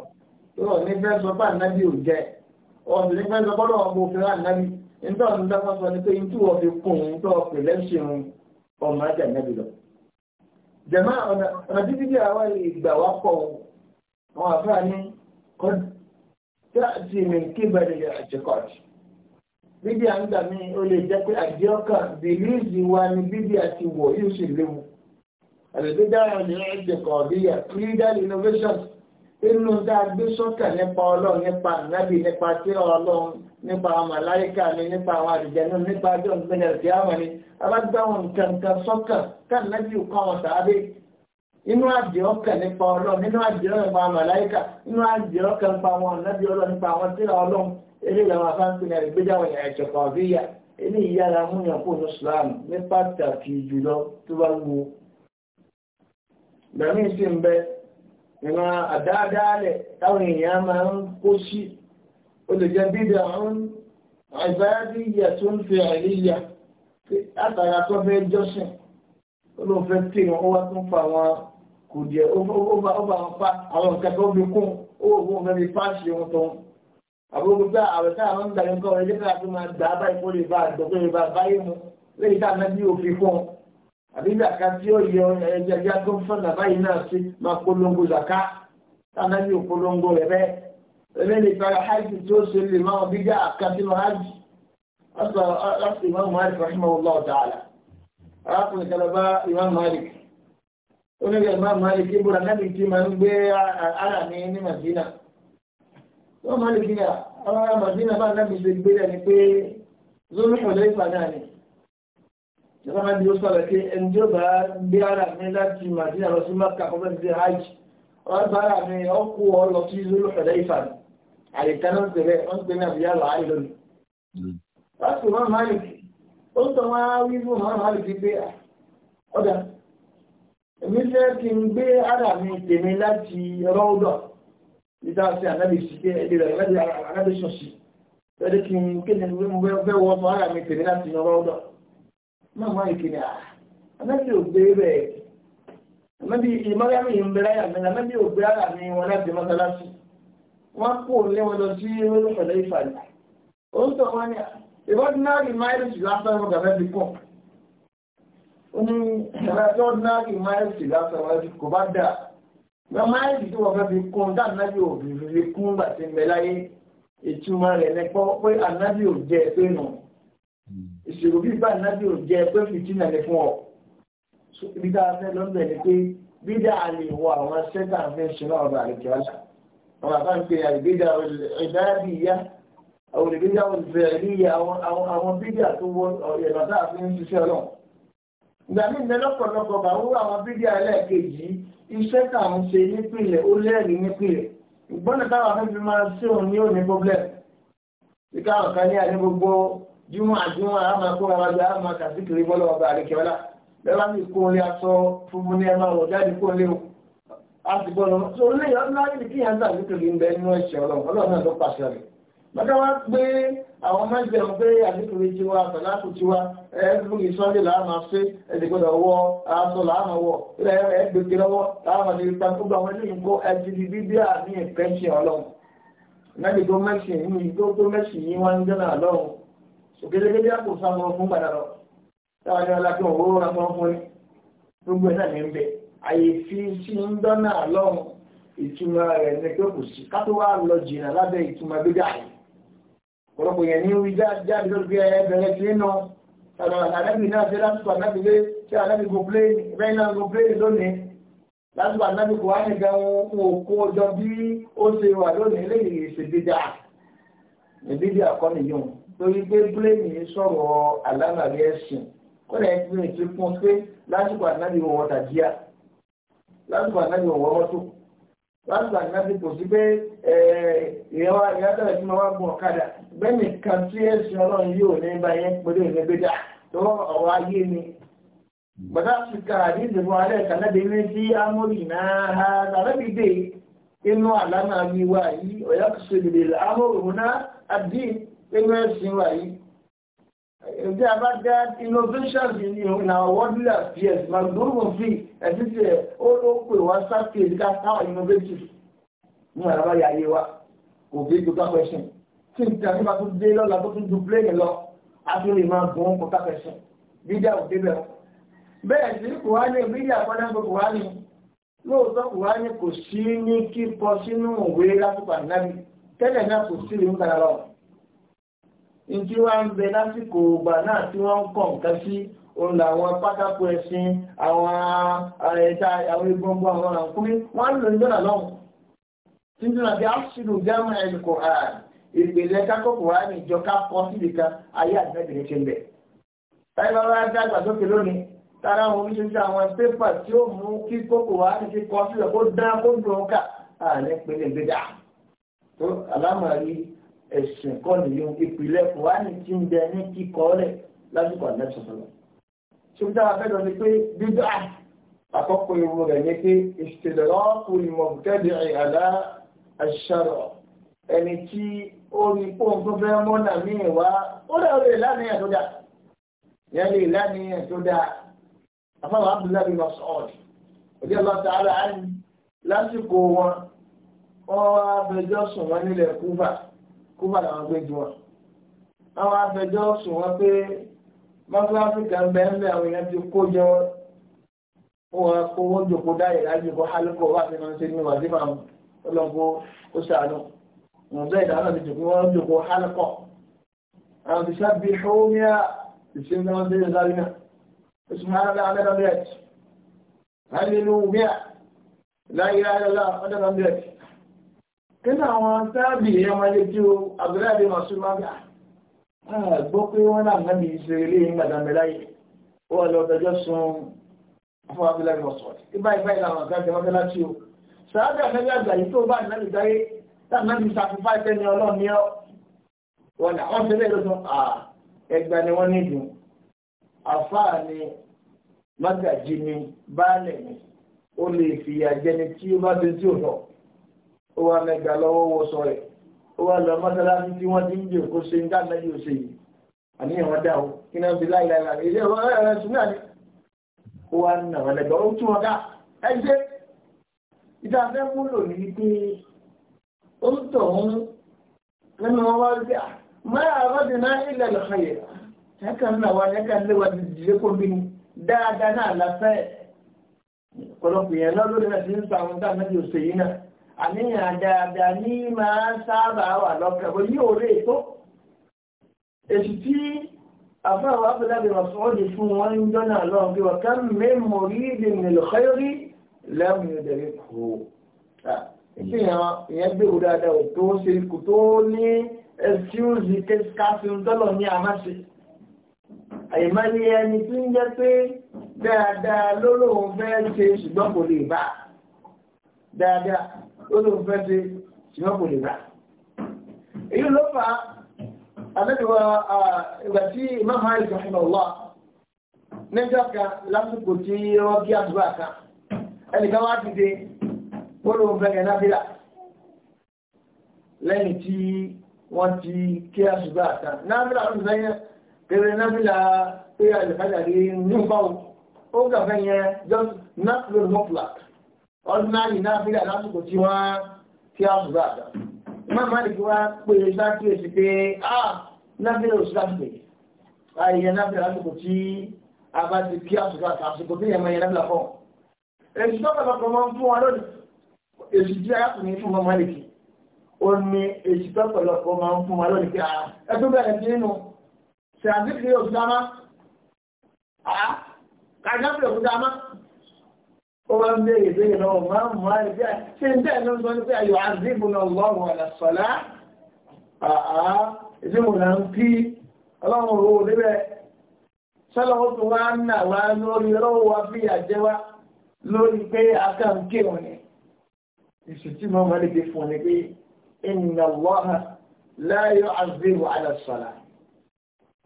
yóò ní fẹ́ sọ fún ànábì ò jẹ ọ̀sùn ní fẹ́ sọ fọ́lọ́ ọmọ òfin ànábì ntọ́ ńlọ́gbọ́n sọ ní pé ntú wọ́n fi kún un ntọ́ pèlẹ́ ṣeun ọmọ ájà nábì lọ. jẹ̀má ọ̀nà títí bí àwa ìgbà wa pọ̀ wọn àfáà ní kọ́dù tẹ́tì mi kíbẹ̀rẹ̀ yẹ ẹ̀jẹ̀kọ̀tì. bíbí à ń gbà mí ó lè jẹ́ pé àdéhọ́kàn bìlíìsì wa ni bíbí àti wọ̀ yóò sì léwu. àlejò dára ní ẹ̀jẹ̀kọ̀ bíyà cleaner innovations inú tá a gbé sọ́kà nípa ọlọ́run nípa ànábì nípa tíra ọlọ́run nípa àwọn màláìka ni nípa àwọn àdìjẹ́nu nípa àjọ ìgbẹ́lẹ̀ ìdí àwọn ni abájáwọn nǹkan nǹkan sọ́kà káàdì náà inú àjẹ́ ọkàn nípa ọlọ́run nínú àjẹ́ ọkàn nípa màláìkà nínú àjẹ́ ọkàn nípa àwọn ọ̀nàbí ọlọ́run nípa àwọn tíra ọlọ́run eré ìlànà afáńpínlẹ̀ ìgbéjáwọ̀ ìrìnàjò kan bí yà ilé ìyára múyàn kó ní islam ní pàtàkì jùlọ tó bá wù ú. bẹ̀rẹ̀ sí ń bẹ ìmọ̀ àdáadáalẹ̀ táwọn èèyàn máa ń kó sí ó lè jẹ́ bídà ń àìbáyádìyà tó ń fi àìríyà kò díẹ̀ ó bá wọn fa àwọn nǹkan tó bí kún owó òun ọ̀gá mi fa ṣe wọn tán àbúrò gbogbo àwẹ̀ tá àwọn ń gbàgbé nǹkan ọ̀rẹ́ nígbà tó máa dà á báyìí kó lè bá àdókò lè bá báyìí mu lẹ́yìn tá àná bí òfin fún un àbí zaka tí ó yẹ ẹ̀jẹ̀ bí agbó fún nàbá yìí náà sí máa polongo zaka tá àná bí òpolongo rẹ̀ bẹ́ẹ̀ ẹlẹ́ni ìparí hajj tí ó ṣe lè máa bí dá àkàtì lọ hajj láti ìmáàmù Malik rahimahullah onígbà máa máa lè kébùrà nábì tí máa ń gbé ara mi ní màdínà wọ́n máa lè kíni àwọn ará màdínà bá nábì ṣe gbé rẹ̀ ni pé zónú ìpàdé ìpàdé àná ìjọba náà bí ó sọ̀rọ̀ pé ẹni tí ó bá gbé ara mi láti màdínà lọ sí maka kọ́fẹ́ ti ṣe hajj wọ́n bá ara mi ó kú ọ lọ sí zónú ìpàdé àyíká náà ń pèrè wọ́n ń pè ní ayé lónìí. wọ́n sì máa máa lè ó sọ wọn á wí fún máa máa lè fi pé ọ̀dà èmi fẹ́ kí n gbé ara mi tèmi láti rọ́ọ̀dọ̀ nígbà tí ànábì sí pé ẹ̀dẹ̀ rẹ̀ láti ànábì sùn sí fẹ́ẹ́ kí n kéde pé mo fẹ́ wọ ọmọ ara mi tèmi láti rọ́ọ̀dọ̀ máa máa ìkíni à ah, ànábì ò gbé bẹ́ẹ̀ ànábì ìmọ̀láyà mi ń bẹ̀rẹ̀ àyà mi ànábì ò gbé ara mi wọn láti mọ́sálásí wọ́n kú òní wọn lọ sí olùfẹ̀lẹ́ ìfàlẹ̀ òun tó wọn ni ìbọ̀dúnárì máìlì lásán wọn gàfẹ́ fi kọ́ ó ní ìṣẹ̀lẹ̀ tó ná kí máìlì lásán wájú kò bá dà wọ́n máìlì tí wọ́n fẹ́ fi kún dáná yóò fi fi kún bàtí ń bẹ láyé ìtumọ̀ rẹ̀ lẹ́pọ̀ pé ànábì ò jẹ́ pé nù ìṣòro bíbá ànábì ò jẹ́ pé fìtínà ní fún ọ bídá afẹ́ lọ́bẹ̀ ni pé bídá àlè wọ àwọn sẹ́tà afẹ́ ṣẹlẹ̀ ọba àlèkẹ́ ọ̀la àwọn àbá ń pè é bídá ìdáàbìyá àwọn bídá olùfẹ́ ẹ̀rí àwọn bídá tó wọ ọ̀yẹ̀nà tá a fi ń ṣiṣẹ́ ọlọ́run ìgbà míì ní lọ́pọ̀lọpọ̀ bàwúrò àwọn bídíà ẹlẹ́ẹ̀kejì iṣẹ́ tá à ń ṣe nípìnlẹ̀ ó lẹ́ẹ̀rí nípìnlẹ̀ ìgbọ́nà táwọn afẹ́fẹ́ máa ṣe òun ní òní problem ìka àwọn kan ní àní gbogbo júmọ̀ àjúmọ̀ àmà kó ara jọ àmà kàṣíkiri bọ́lọ̀ ọba àríkẹ́ọ́lá lọ́wọ́ mi kó lé aṣọ funfun ní ẹ̀ma wọ̀ jáde kó lé o a sì gbọ́dọ̀ tó lé ọdún láti kí yẹn ń tàbí kiri ń bẹ nínú ẹ̀ṣẹ̀ ọlọ́run ọlọ́run náà ló pàṣẹ rẹ̀ bàtà wá àwọn mẹ́jẹ̀mú pé àdékùnrin tiwa àtàlákù tiwa ẹ̀ẹ́dùn ìsọ́lẹ̀ láàmà ṣe ẹ̀dẹ̀gbọ́dọ̀ wọ aṣọ láàmà wọ ẹ̀ẹ́dẹ̀gbẹ̀ lọ́wọ́ láàmà ní ipa tó gba àwọn ẹlẹ́yìn kó ẹtì di bíbí à ní ìpẹ́ṣẹ̀ ọlọ́run mẹ́jẹ̀ tó mẹ́ṣẹ̀ yìí tó tó mẹ́ṣẹ̀ yìí wá ń jẹ́nà lọ́run òkèlégédé àpò sáwọn fún padà lọ táwọn ní ọlá tó ń wọ́wọ́ rámọ́ fún ní gbogbo ẹ̀ náà ní ń bẹ àyèfi sí ń dọ́nà lọ́run ìtumọ̀ rẹ̀ ní ọ̀pọ̀lọpọ̀ yẹn ní orí jáde lórí bí ẹ bẹ̀rẹ̀ sí nínú àdábì náà ṣe lásìkò àdábì lé ṣe àdábì kò pléènì bẹ́ẹ̀ náà kò pléènì lónìí lásìkò àdábì kò wá nìkan wọn ò kó ọjọ́ bí ó ṣe wà lónìí léyìí ìṣèdíjà ìdíjà kọ́ nìyẹn torí pé pléènì sọ̀rọ̀ àlànàbí ẹ̀sìn kó lè gbé ètò fún pé lásìkò àdábì wọn wọ́n tàjíà lásìkò àdábì wọn wọ́n mọ́tò láti àgbàdì kò sí pé ìyẹ́wà ìyádọ̀rẹ̀ tí mo wá gun ọ̀kadà bẹ́ẹ̀ni kan tí ẹ̀sìn ọlọ́run yóò ní bá yẹn pẹ̀lú ìrìn tó ayé ni. bàtà sì ka àdéhùn fún alẹ́ kànáde ní sí amórì náà ha tàbí dé inú àlámà mi wá yìí ọ̀yà kò sí amórì náà inú ẹ̀sìn Ẹgbẹ́ àbájá innovations ní our worldly affairs, Magdurman fi ẹ̀sìn tí ẹ̀ ó ló pè wá sáfì ìdíkà power innovative ní àlàbáyà ayé wa. Kò bí gbogbo question. Tí n tẹ̀sí bá tún dé lọ́la tó tún ju plane lọ, a tún lè máa gùn kó question. Bídíà ò débẹ̀ o. Bẹ́ẹ̀ sí kò wá ní bídíà kọ́dá gbogbo kò wá ní. Lóòótọ́ kò wá ní kò sí ní kíkọ sínú òwe lásìkò ànábì. Tẹ́lẹ̀ náà kò sí ìlú kan lọ́wọ́ ntí wá ń bẹ lásìkò ògbà náà tí wọ́n ń kọ̀ nǹkan sí òun làwọn pátákó ẹṣin àwọn ẹja àwọn egbòǹgbò àwọn àǹkúrí wọ́n ń lò ní dọ́là lọ́hùn. títúnà bí aṣílù gámà ẹ̀lì kò hà ìpìlẹ̀ kákòkò wá ní ìjọ ká pọ̀ síbi kan ayé àgbẹ̀bìnrin ti ń bẹ̀. táyé bá wá dàgbà sókè lónìí tára àwọn oníṣẹ́ṣe àwọn pépà tí ó mú kí kòkò wá ní kíkọ sílẹ̀ kó dá kó dùn ká àlẹ́ pẹ̀lẹ́ gbẹdà. tó alámọ̀ rí ẹ̀sìn kọ́ nìyó ìpìlẹ̀ kùránì ti ń bẹ ní kíkọ́ rẹ̀ lásìkò àlẹ́sọ̀sọ̀lọ̀. tí ó dára fẹ́ lọ ni pé dídá àkọ́kọ́ ewu rẹ̀ ni pé ìṣèlérọ́ kò ìmọ̀ kẹ́lẹ̀ àlá àṣàrọ̀ ẹni tí ó ní pọ́n tó fẹ́ mọ́nà míì wá ó lè rè lánìyàn tó dáa yẹn lè lánìyàn tó dáa àfọwọ́ abdullahi bin masoud òjò lọ sàárà áyì lásìkò wọn wọn kúbà làwọn gbé jù wọn. àwọn afẹjọ́ sùn wọn pé mọ́sálásí kan bẹ́ẹ̀ ń bẹ àwọn èèyàn ti kó jẹ wọn. wọn kó wọn jòkó dáyè lájú kó hálùkọ wà sí máa ń ṣe ní wàdí máa ń ọlọ́gbó ó ṣàánú. wọn bẹ́ẹ̀ dáná ti jòkó wọn jòkó hálùkọ. àwọn ti sábì hómìà ìṣẹ́ni wọn dé ìdárí náà. oṣù márùn-ún náà ọ̀dẹ́dọ̀ bẹ́ẹ̀ hallelujah la ilaha illallah ọ̀dẹ́dọ̀ bẹ́ẹ̀ kíni àwọn tábì ọmọdé tí ó abúláàdé mọ̀súlùmọ́gà gbọ́ pé wọ́n náà náà bìí ṣe ilé ìgbàdàmẹ́láyè ó wà lọ́dọ̀jọ́ sun fún abúláàdé mọ̀súlùmọ́gà ibà ibà ìlànà ọ̀gá ìjọba tí ó sàádà fẹ́lẹ́ àgbà yìí tó bá ìnáàbì dáyé táà ní sàfífà ìtẹ́ni ọlọ́run ní ọ́ wọn náà wọ́n fẹ́lẹ́ lọ́sùn à ẹgbà ni wọ́n nídùn àfáà ni mágàjì ni baálẹ̀ ni ó lè fìyà jẹni tí ó bá ti ó wá mẹ́gbà lọ́wọ́ wọ sọ rẹ̀ ó wá lọ mọ́sálásí tí wọ́n ti ń jẹ́ kó ṣe ń dá mẹ́lì òṣè yìí àníyàn wọn dà ó kí náà fi láì láì láì ilé ìwọ ẹ̀rọ sùn náà ni ó wá nà wọn lẹ́gbà ó tún wọn ká ẹ ṣe ìdá fẹ́ múlò ní pé ó ń tọ̀ ọ́n nínú wọn wá rí pé ah, máa rọ́ọ̀dì náà ilẹ̀ lọ́kàn dáadáa náà láfẹ́ ọ̀pọ̀lọpọ̀ yẹn lọ́dún náà ti ń sọ àwọn dáa náà náà àníyàn dáadáa ní máa sábà wà lọ́kàn bó ní òré ètò èsì tí àfáàwọ̀ abúlábì ọ̀sọ́ọ̀dì fún wọn ń jọ́nà lọ́wọ́ pé wọ́n ká mẹ́ mọ̀rí ìdè mìlọ́kẹ́rí lẹ́mù ìdẹ̀rẹ́ kò ìpínyàn ìyẹn gbèrú dáadáa ò tó ṣe kò tó ní ẹ̀síùsì kẹsíkásíù tọ́lọ̀ ní àmáṣe àyèmálé ẹni tí ń jẹ́ pé dáadáa lónìí fẹ́ ṣe ṣùgbọ́n kò lè rà. èyí ló fà á àbẹ́tẹ̀wá ìgbà tí imáàmù àyè sọ fún ọlọ́wà níjọ́ kan lásìkò tí wọ́n kí àdúrà kan ẹnìkan wá dìde ó lóun fẹ́ yẹn nábìlà lẹ́yìn tí wọ́n ti kí àdúrà kan nábìlà ló ń fẹ́ yẹn kéré nábìlà pé àlùfáàjà ní ìfọ̀wọ́ ó gbà fẹ́ yẹn just not really popular ordinary náà fílẹ̀ lásìkò tí wọ́n tí a sùgbà àgbà. Má má lè fi wá pé bá kí o sì pé á náà fílẹ̀ oṣù lásìkò yìí. Ayẹyẹ náà fílẹ̀ lásìkò tí a bá ti kí a sùgbà àgbà àsìkò tí ìyẹn máa yẹ náà fílẹ̀ fọ́. Èsì tó pẹ̀lọpọ̀ máa ń fún wa lónìí. Èsì tí arákùnrin fún Mama Lèkì. Ó ní èsì tó pẹ̀lọpọ̀ máa ń fún wa lónìí pé a ah, ẹ tó bẹ̀rẹ̀ sí nínú. Ṣèǹdí kiri òkúta má. Àá ah, kàdé ó máa ń béèrè béèrè lọ́wọ́ máa ń mú àlè bí ṣe ń bẹ́ẹ̀ ló ń sọ ní pé ayò àzíbù náà lọ́wọ́ àlàsọ̀lá àá ìdíwò náà ń pí ọlọ́run ò níbẹ̀ sọ́lọ́wọ́ tó wá ń nà wá lórí ọlọ́wọ́ wa fi àjẹwá lórí pé akáǹkè wọn ni ìṣètì máa máa lè fún ni pé ìnà lọ́ha láyọ̀ àzíbù àlàsọ̀lá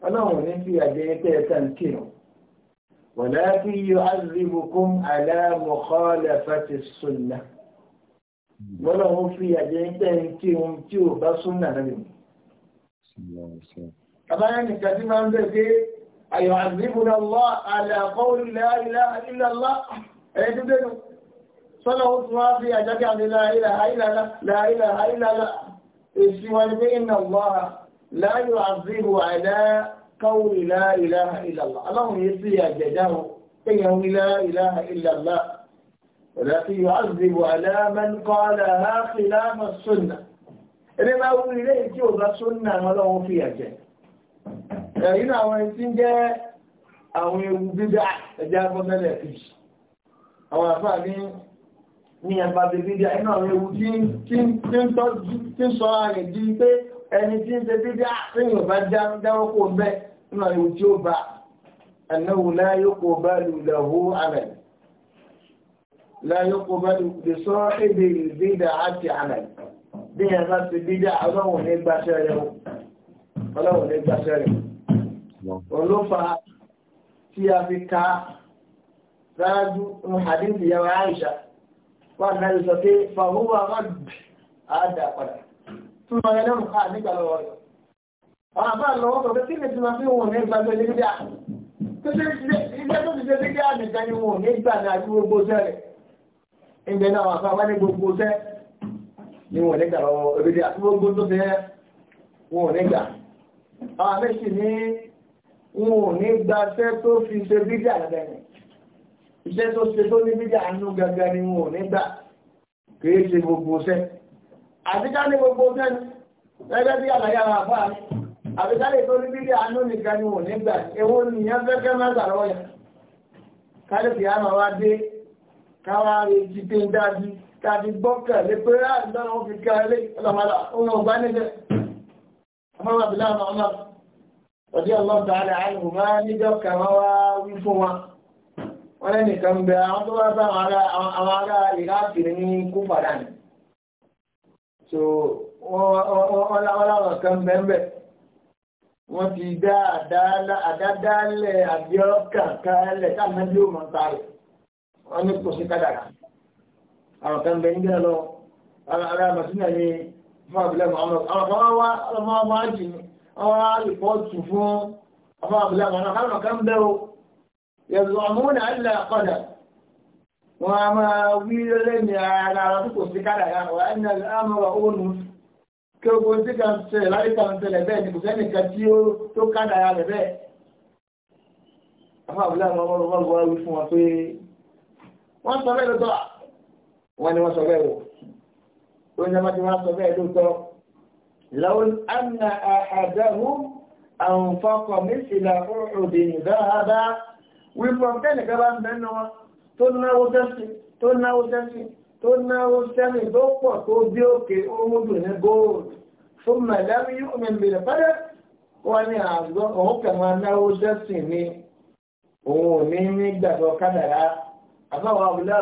ọlọ́run ò ní fi àjẹyẹ pé akáǹkè wọn. ولكن يعذبكم على مخالفة السنة ولهم في أجنتهم تيهم تيو بسنة نبيهم كما أن كثير من ذلك أيعذبنا الله على قول لا إله إلا الله أيتبدو صلى الله في أجنة لا إله إلا الله لا إله إلا الله إسوى إن الله لا يعذب على kọ́wé la ilaha illallah aláwọn yìí sì àjẹjá o kéèyàn wí la ilaha illallah ọ̀dà tí yóò àzìbò aláàmẹ́ńkọ́ aláàfin láàmà sunna ẹni bá wú ilé tí ò bá sunna ọlọ́run fi àjẹ ẹ̀yìn àwọn ẹni tí ń jẹ́ àwọn ewu bíbá ẹja gbọ́dọ̀lẹ̀ fi àwọn àfáà ní ní ẹ̀bá bíbá inú àwọn ewu tí ń sọ ààrẹ di pé ẹni tí ń ṣe bíbá tí yóò bá dáwọ́ kó bẹ́ẹ̀ nínú àyẹ̀wò tí ó bá annahu la yuqbalu lahu amal la yuqbalu li sahibil bid'ati amal bí yẹn bá ti bídà ọlọ́run ní gbàṣẹ́ rẹ̀ o ọlọ́run ní gbàṣẹ́ rẹ̀ olófa tí a fi ka ráájú ń hadith yàrá àìsà wà náà sọ pé fàhùwà rọ̀dì àádà padà tún lọ ẹlẹ́rù ká nígbà lọ́wọ́ rẹ̀ àwọn àbá lọ́wọ́ sọ pé kí ni tuma fi wọn ní gbàgbé ní bíbí à ilé tó ti ṣe bíbí à nìkan ni wọn ní gbà ní àti gbogbo sẹ́ rẹ̀ ìgbẹ́ náà wà fún abá ní gbogbo sẹ́ ni wọn ní gbà lọ́wọ́ òbíbi àti gbogbo tó ti yẹ wọn ní gbà àwọn àmì sì ní wọn ò ní gba sẹ́ tó fi ṣe bíbí à gẹ́gẹ́ ni iṣẹ́ tó ṣe tó ní bíbí à nínú gẹ́gẹ́ ni wọn ní gbà kì ṣe gbogbo sẹ́ àti ní gbogbo sẹ́ gẹ́gẹ́ bí àlàyé àwọn àbá àbíkálẹ̀ tó ní bíbí àánú nìkan ni wò nígbà ewu nìyẹn fẹ́fẹ́ má sàrọ̀ yẹn kálífì àmà wa dé káwa rí jíde ń dájú káàdì gbọ́kẹ̀ lé pé láàrín ah, lọ́wọ́ fi kẹ́lé ọlọ́mọdà ohun ọ̀gbá níbẹ̀ ọmọ àbílá àmà ọmọ ọdí ọlọ́dà rẹ̀ àìhùn bá níjọ́ kẹwàá wá wí fún wa wọ́n lẹ́nu kan bẹ àwọn tó wá bá àwọn ará ìráàkì ní kúfàdánì so wọ́n láwọn kan bẹ́ẹ̀ bẹ́ẹ̀ wọ́n ti dá àdádálẹ̀ àbíọ́kà kálẹ̀ káàmọ́ bí ó máa parẹ̀ wọ́n ní kò sí kádàrà àwọn kan bẹ níbẹ̀ lọ ara màsínà ni fún abúlé muhammed àwọn kan wá ọmọ ọmọ àjì ni wọ́n wá rìpọ́ọ̀tù fún ọmọ abúlé kí ogun ohun tí kà ń ṣẹlẹ̀ láyé kà ń ṣẹlẹ̀ bẹ́ẹ̀ ni kò sẹ́ni kan tí ó tó kádà ara rẹ̀ bẹ́ẹ̀. àwọn àbúlé àwọn ọmọ ọmọ ọmọ wí fún wọn pé wọ́n sọ bẹ́ẹ̀ lóòótọ́ wọn ni wọ́n sọ bẹ́ẹ̀ wò ó ní ọmọ tí wọ́n sọ bẹ́ẹ̀ lóòótọ́ lọ́wọ́n àmà àdáhùn àwọn fọkọ̀ mísìlá òòdì ìdáradá wípọ̀ bẹ́ẹ̀ nìkan bá tó náwó sẹ́mi tó pọ̀ tó bí òkè orúmọdù ní góòlù fún mẹ̀lẹ́rì yóò mi bèrè pẹ́lẹ́ wọ́n ní àgbọ̀ òun kàn máa náwó sẹ́sìn ni òun ò ní ní gbàgbọ́ kádàrá àbáwọ̀ abúlé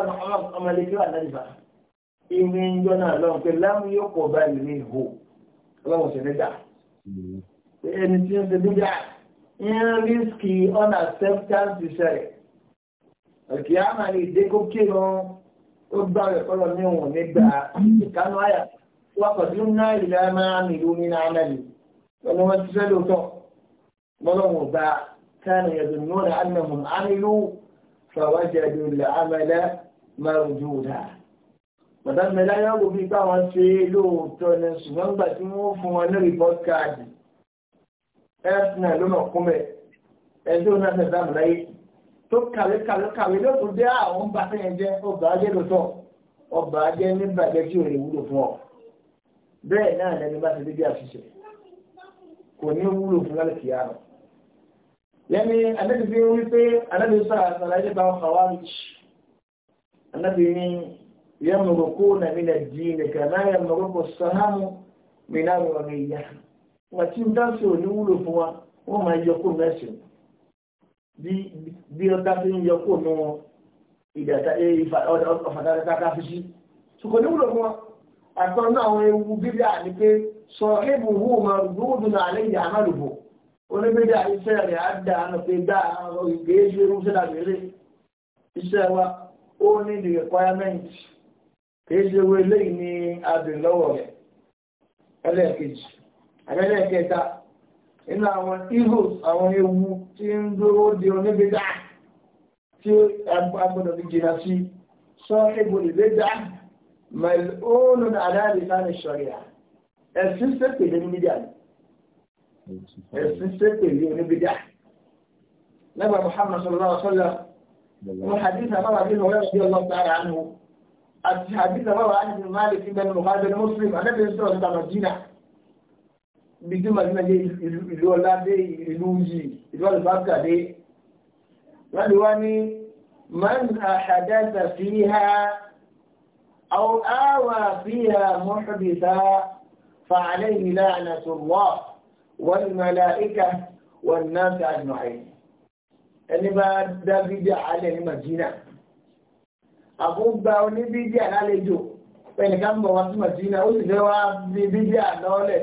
ọmọlẹ́kẹ́ wà lẹ́yìn bá ìwé ń jọ náà lọ́wọ́ pé láwọn yóò kọ̀ bá ìlú ìhò ọlọ́wọ́ sì ní gbà ẹni tí ó ti dúdú à ń rísíkì unacceptance ìṣẹ̀lẹ̀ òkè àmàlẹ́ ìdẹ́kọ̀kẹ́ lọ́wọ́. ó gbá rẹ̀ fọ́lọ́ ní òun nígbà ìkánú àyà wà pẹ̀lú náà ìlà máa ń ló ní náà mẹ́lì pẹ̀lú wọn ti fẹ́ lóòótọ́ mọ́lọ́wọ́n ọba كانوا يظنون أنهم عملوا فوجدوا العمل مردودا mọ̀tàmí láyé ọ̀gbọ̀n bíi báwọn ṣe lóòótọ́ ni ṣùgbọ́n gbà tí wọ́n fún wọn ní report card ẹ̀ẹ́dínà ló mọ̀ kún bẹ́ẹ̀ ẹ̀ẹ́dínà náà ṣẹ̀dá tó kàwé kàwé kàwé ló tún dé àwọn ah, bá fẹ́yẹn jẹ́ ọba ajé lóòótọ́ ọba ajé níbàjẹ́ tí ò lè wúlò fún ọ bẹ́ẹ̀ náà lẹni bá ti dé bí àṣìṣe kò ní wúlò fún lálẹ́ kìí àrùn yẹni anábì fi ń wí pé anábì sọ àtàlàyé bá ń fàwa rich anábì ní yẹmùrò kó nà mí nà dì ní kàná yẹmùrò kó sàhámù mí náà rọrùn ìyá wọn tí ń dáṣe ò ní wúlò fún wa wọn máa yọ kó mẹsìn bí ọ̀tá fi ń yọ kó nù wọn ìdàtà eh, ọ̀fàdàdàtà fi sí ṣùgbọ́n ní wúlò fún wọn àtọ́ náà àwọn ewu bíbíà ni pé sọ ébù hù mà rúdù náà lẹ́yìn àmàlùbọ̀ oníbíbíà iṣẹ́ rẹ̀ á dà á pé dá ìgbé ṣe irúṣẹ́ àgbèrè iṣẹ́ wa ó ní the requirement kì í ṣe wo eléyìí ní rẹ̀ ẹlẹ́ẹ̀kejì àbẹ́lẹ́ẹ̀kẹta. nínú àwọn evils àwọn ewu tí ń dúró de oníbẹ̀dá tí agbọ́dọ̀ fi jìnnà sí sọ ìbò ìbẹ̀dá mẹ́lónú àdáàlì láti ṣọ̀rìà ẹ̀sìn sẹ́pẹ̀lẹ̀ oníbẹ̀dá ẹ̀sìn sẹ́pẹ̀lẹ̀ oníbẹ̀dá lẹ́gbàá Muhammad sallallahu alaihi wa sallam wọ́n hadith àbáwá bí wọ́n rẹ̀ bí ọlọ́ta rà ánú àti hadith àbáwá ánú Malik ibn Muhammad muslim anábìrin sọ̀rọ̀ nípa Madina bíjú màdínà dé ìlú ọlá dé ìlú yìí ìlú àlùbáàkà dé wọ́n lè wá ní man àṣàdáṣà fi ha àwọn àwà fi ha mọ́ṣọ́bìta fàálẹ́ ìlà ànàtòwọ́ wọ́n mẹ́lá ìkà wọ́n náà ta àjùmáyé ẹni bá dá bíjà alẹ́ ní màdínà àbúgbà oníbíjà lálejò pẹ̀lú ká ń bọ̀ wá sí màdínà ó sì fẹ́ wá bí bíjà lọ́ọ́lẹ̀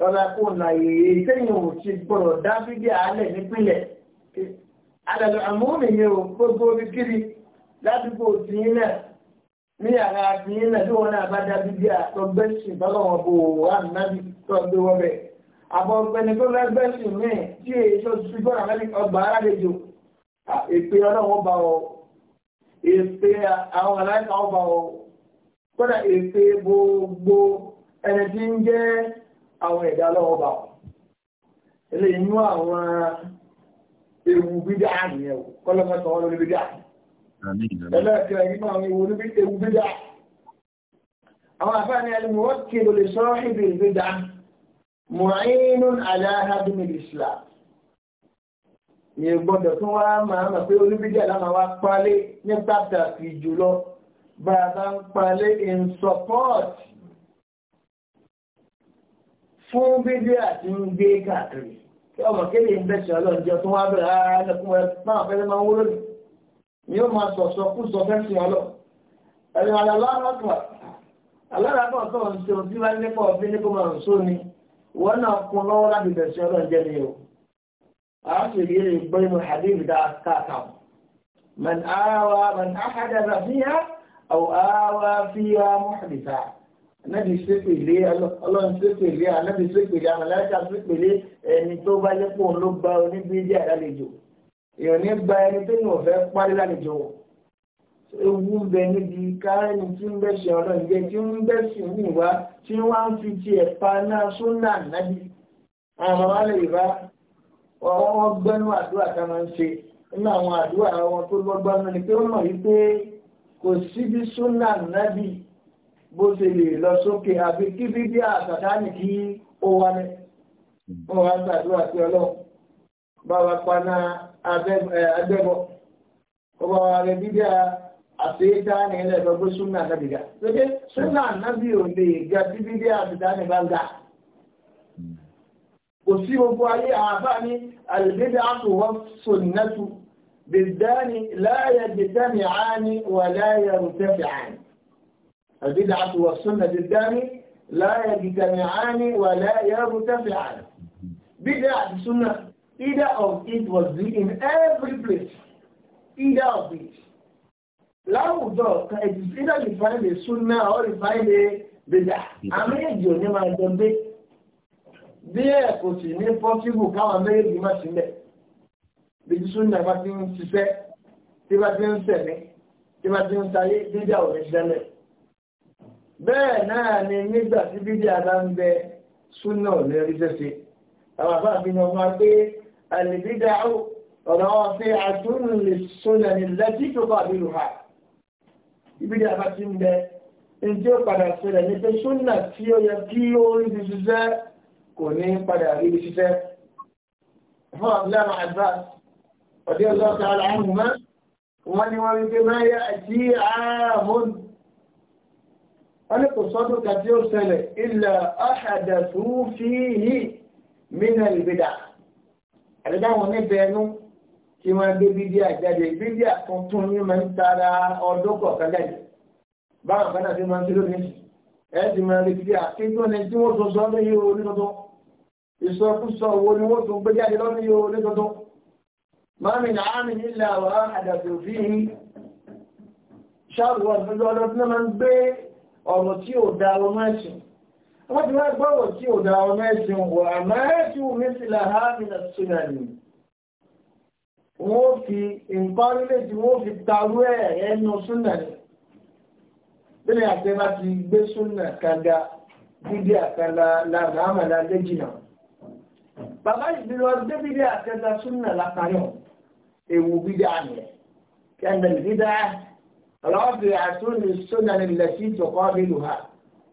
lọ́la kó nàyè sẹ́yìn ò ti gbọ́dọ̀ dá bíbí àálẹ̀ nípínlẹ̀ àdàlù àmúnìyàn ò gbogbo kiri ládùúgbò tìyín náà ní yàrá tìyín náà tí wọn náà bá dá bíbí àtọ́gbẹ́sì bọ́lọ́wọ́n bò wà nábì tó gbé wọ́n bẹ̀ àbọ̀ ọ̀gbẹ́ni tó lẹ́gbẹ́sì míì tí èyí tó ti gbọ́dọ̀ mẹ́lì ọgbà alálejò èpè ọlọ́wọ́n bá wọ èpè àwọn aláìsàn ọba wọ kódà èpè gbogbo ẹni tí ń jẹ́ àwọn ẹ̀dá lọ́wọ́ bá wọn ilé inú àwọn ewu bídá nìyẹn o kọ́lọ́mọ́ sọ wọn lórí bídá ẹlẹ́ẹ̀kẹ́ nínú àwọn ewu níbi ewu bídá àwọn àfáàní ẹni mọ́ kí ló lè sọ ibi ìbídá mọ̀ọ́ínún aláhàbìmí Islam yẹ gbọ́dọ̀ tún wá máa mọ̀ pé olúbídà láwọn wá palé ní pàtàkì jùlọ bá a bá ń palé in support fún bíbí àti ń gbé káàkiri kí ọmọ kéde ń bẹ̀sẹ̀ ọlọ́ọ̀jọ́ tó wá bẹ̀rẹ̀ ara ah, lẹ́kùn ẹ máa fẹ́ máa wúlò ní ni ó máa sọ̀sọ̀ kú sọ fẹ́ sùn ọlọ́ ẹ̀rọ alárakọ̀ alárakọ̀ tó ń ṣe òbí wá nípa òbí ní kó máa ń só ni wọ́n náà kún lọ́wọ́ láti bẹ̀sẹ̀ ọlọ́ọ̀jẹ́ ni o àá sì rí èrè gbọ́ inú hadith dáa káàkiri man awa man ahadara fiha aw awa fiha muhditha anábì sépèlé ọlọ́run sépèlé anábì sépèlé amọ̀láyíká sépèlé ẹni tó bá yẹ kó ló gba oníbíyí àlejò èèyàn ní gba ẹni tó yàn fẹ́ parí lálejò ewu bẹ níbi kárẹ́ni tí ń bẹ̀ṣẹ̀ ọlọ́run jẹ́ tí ń bẹ̀ṣẹ̀ níwá tí wọ́n ń fi tiẹ̀ pa náà súnà nábì àwọn ọmọ alẹ́ yorùbá wọ́n gbẹ́nu àdúrà tá a máa ń ṣe nínú àwọn àdúrà wọn tó gbọ́gbọ́n ní pé wọ́n mọ̀ wípé kò síbi súnà nábì bó ṣe lè lọ sókè àbí kí bíbí àtàdánì kí ó wálẹ̀ wọn wá gbàdúrà sí ọlọ́run bá wa paná abẹ́bọ ọba wa rẹ bíbí àtẹ̀yẹ́dánì ilẹ̀ lọ pé súnà nàbìgà pé súnà nàbì ò lè ga bí bíbí àtàdánì bá ga kò sí gbogbo ayé àbá ní àlùbídà àtúwọ́ sunnatu bìdání láyé bìdání àání wà láyé rùtẹ́fẹ̀ àání. البدعة والسنة الداني لا يجتمعان ولا يرتفعان بدعة السنة either of it was in every place either of it láwùjọ kan it is either you find a sunna or you find a bidà àmì èjì ò ní máa jọ dé bí ẹ kò sì ní possible káwọn méjèèjì má sí lẹ̀ bíjú sunna bá ti ń ṣiṣẹ́ tí bá ti ń ṣẹ̀mí tí bá ti ń sayé dídá ò ní ṣẹlẹ̀ bẹ́ẹ̀ náà ni nígbà tí bídí àdá ń bẹ súnà lẹ́rí sẹ́sẹ́ àwọn àbá mi ni ọmọ pé àlèbídà ọ̀rọ̀ ọ̀fẹ́ àtúnú lè súnà ní lẹ́tí tó bá mi lù ha ìbídí àbá ti ń bẹ ní tí ó padà ṣẹlẹ̀ ní pé súnà tí ó yẹ kí ó rí ti ṣiṣẹ́ kò ní padà rí ti ṣiṣẹ́ fún abdullahi abbas ọdí ọlọ́ta aláhùnmá wọ́n ní wọ́n wípé máa yá àti ààbò wọ́n ní kò sọ́dún kan tí ó ṣẹlẹ̀ illa ahdathu fihi min al-bid'a àdídáwọn oníbẹ̀ẹ́nu tí wọ́n gbé bídíà jáde bídíà tuntun ní máa ń tara ọdún kọ̀ọ̀kan jáde báwọn kan náà ti máa ń kíló ní ẹ̀ ti máa rí bídíà kí tó ní tí wọ́n tún sọ ọdún yìí o ní tuntun ìsọkúsọ wo ni wọ́n tún gbé jáde lọ́dún yìí o ní tuntun ma min 'aamin illa wa ahdathu fihi ṣáàrù wọn ọ̀rọ̀ tí ò da ọmọ ẹ̀sìn wọ́n ti wá gbọ́rọ̀ tí ò da ọmọ ẹ̀sìn wọ̀ àmọ́ ẹ̀sìn mísìlá hàmìnà sílẹ̀ ni wọ́n fi nǹkan orílẹ̀ tí wọ́n fi tarú ẹ̀ ẹnu súnà ni bílẹ̀ àti bá ti gbé súnà kàga dídí àkàlà làbà àmàlà lẹ́jìnà bàbá ìbílẹ̀ ọdún débìlẹ̀ àkàlà súnà lápá náà ewu bídà nìyẹn kẹ́ndẹ̀lì bídà rọ́ọ̀bì àtúnì sódà nílẹ̀ sí ìjọkọ́ bílù ha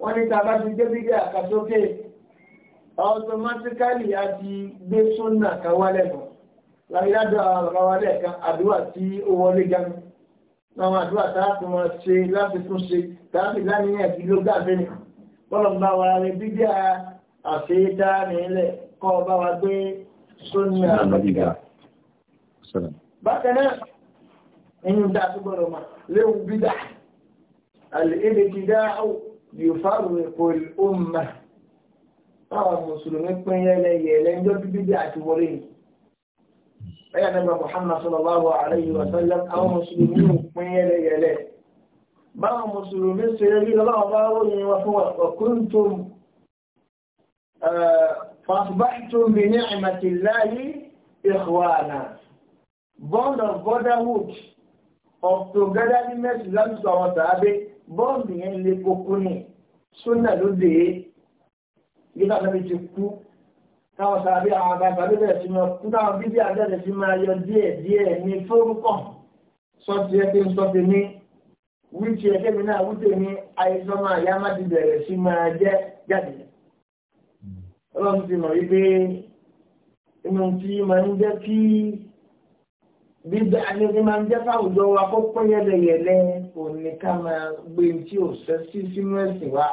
wọ́n ní tá a bá ti dé bíbí àkàsókè ọ̀tọ̀mátíkálì a ti gbé sónà kan mọ́ láyédájọ́ àwọn kan àdúrà tí ó wọlé gan àwọn àdúrà tá a tún wọn ṣe láti tún ṣe tàbí láníyàn tí ló gbà bẹ́ẹ̀ bọ́lọ̀ bá wa rẹ bíbí àṣeyíta nílẹ̀ kọ́ ọ bá wa gbé sónà bákan náà nínú dáa tó gbọ́dọ̀ mọ̀ léwu bídà àlèébèkìdá yòfàrù ẹ̀kọ́ ọmọ táwọn mùsùlùmí pín yẹlẹyẹlẹ ń jọ bíbí àti wọlé yìí ẹ̀yà nàbà Muhammad sallallahu alayhi wa sallam àwọn mùsùlùmí ò pín yẹlẹyẹlẹ báwọn mùsùlùmí ṣe rí lọ́wọ́ bá ròyìn wọn fún ọkùntum fasbahtum bi ni'matillahi ikhwana bond of brotherhood ọ̀pọ̀ gádá ní mẹ́sì lásìkò àwọn sàábé bọ́ọ̀lù yẹn lè koko nù sónà ló dé e yíká náà ti kú táwọn sàábé àwọn àgbàgbà ló bẹ̀rẹ̀ sí máa kú táwọn bíbí àgbẹ̀rẹ̀ sí máa yọ díẹ̀ díẹ̀ ní fórúkọ sọ́ọ̀tì ẹ̀kẹ́ ń sọ́ọ̀tì ní wíìtì ẹ̀kẹ́ mi náà wíìtì ní àìsàn máa yá má ti bẹ̀rẹ̀ sí máa jẹ́ jáde ọlọ́run ti mọ̀ wípé inú tí máa ń jẹ́ kí gbígbé ayẹyẹ máa ń jẹ́ káwùjọ wa kó pé yẹlẹyẹlẹ òní ká máa gbé tí ò sẹ́ sí sínú ẹ̀sìn wa.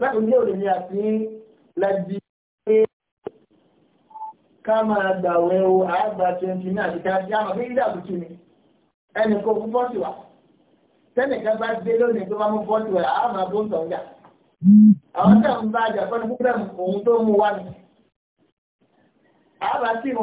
láti ilé òde ni àti láti pé ká máa gbàwé o àgbà twenty ní àti káàdì àmọ́ bí ìdá tuntun ni ẹnì kan fún fọ́ọ̀tì wa tẹ́nìkan bá dé lónìí tó bá mú fọ́ọ̀tì wa àmọ́ bó ń tàn jà. àwọn tẹ̀ ń bá àjà fún ẹni púpẹ̀ òun tó mú wa ni. àbá tí mo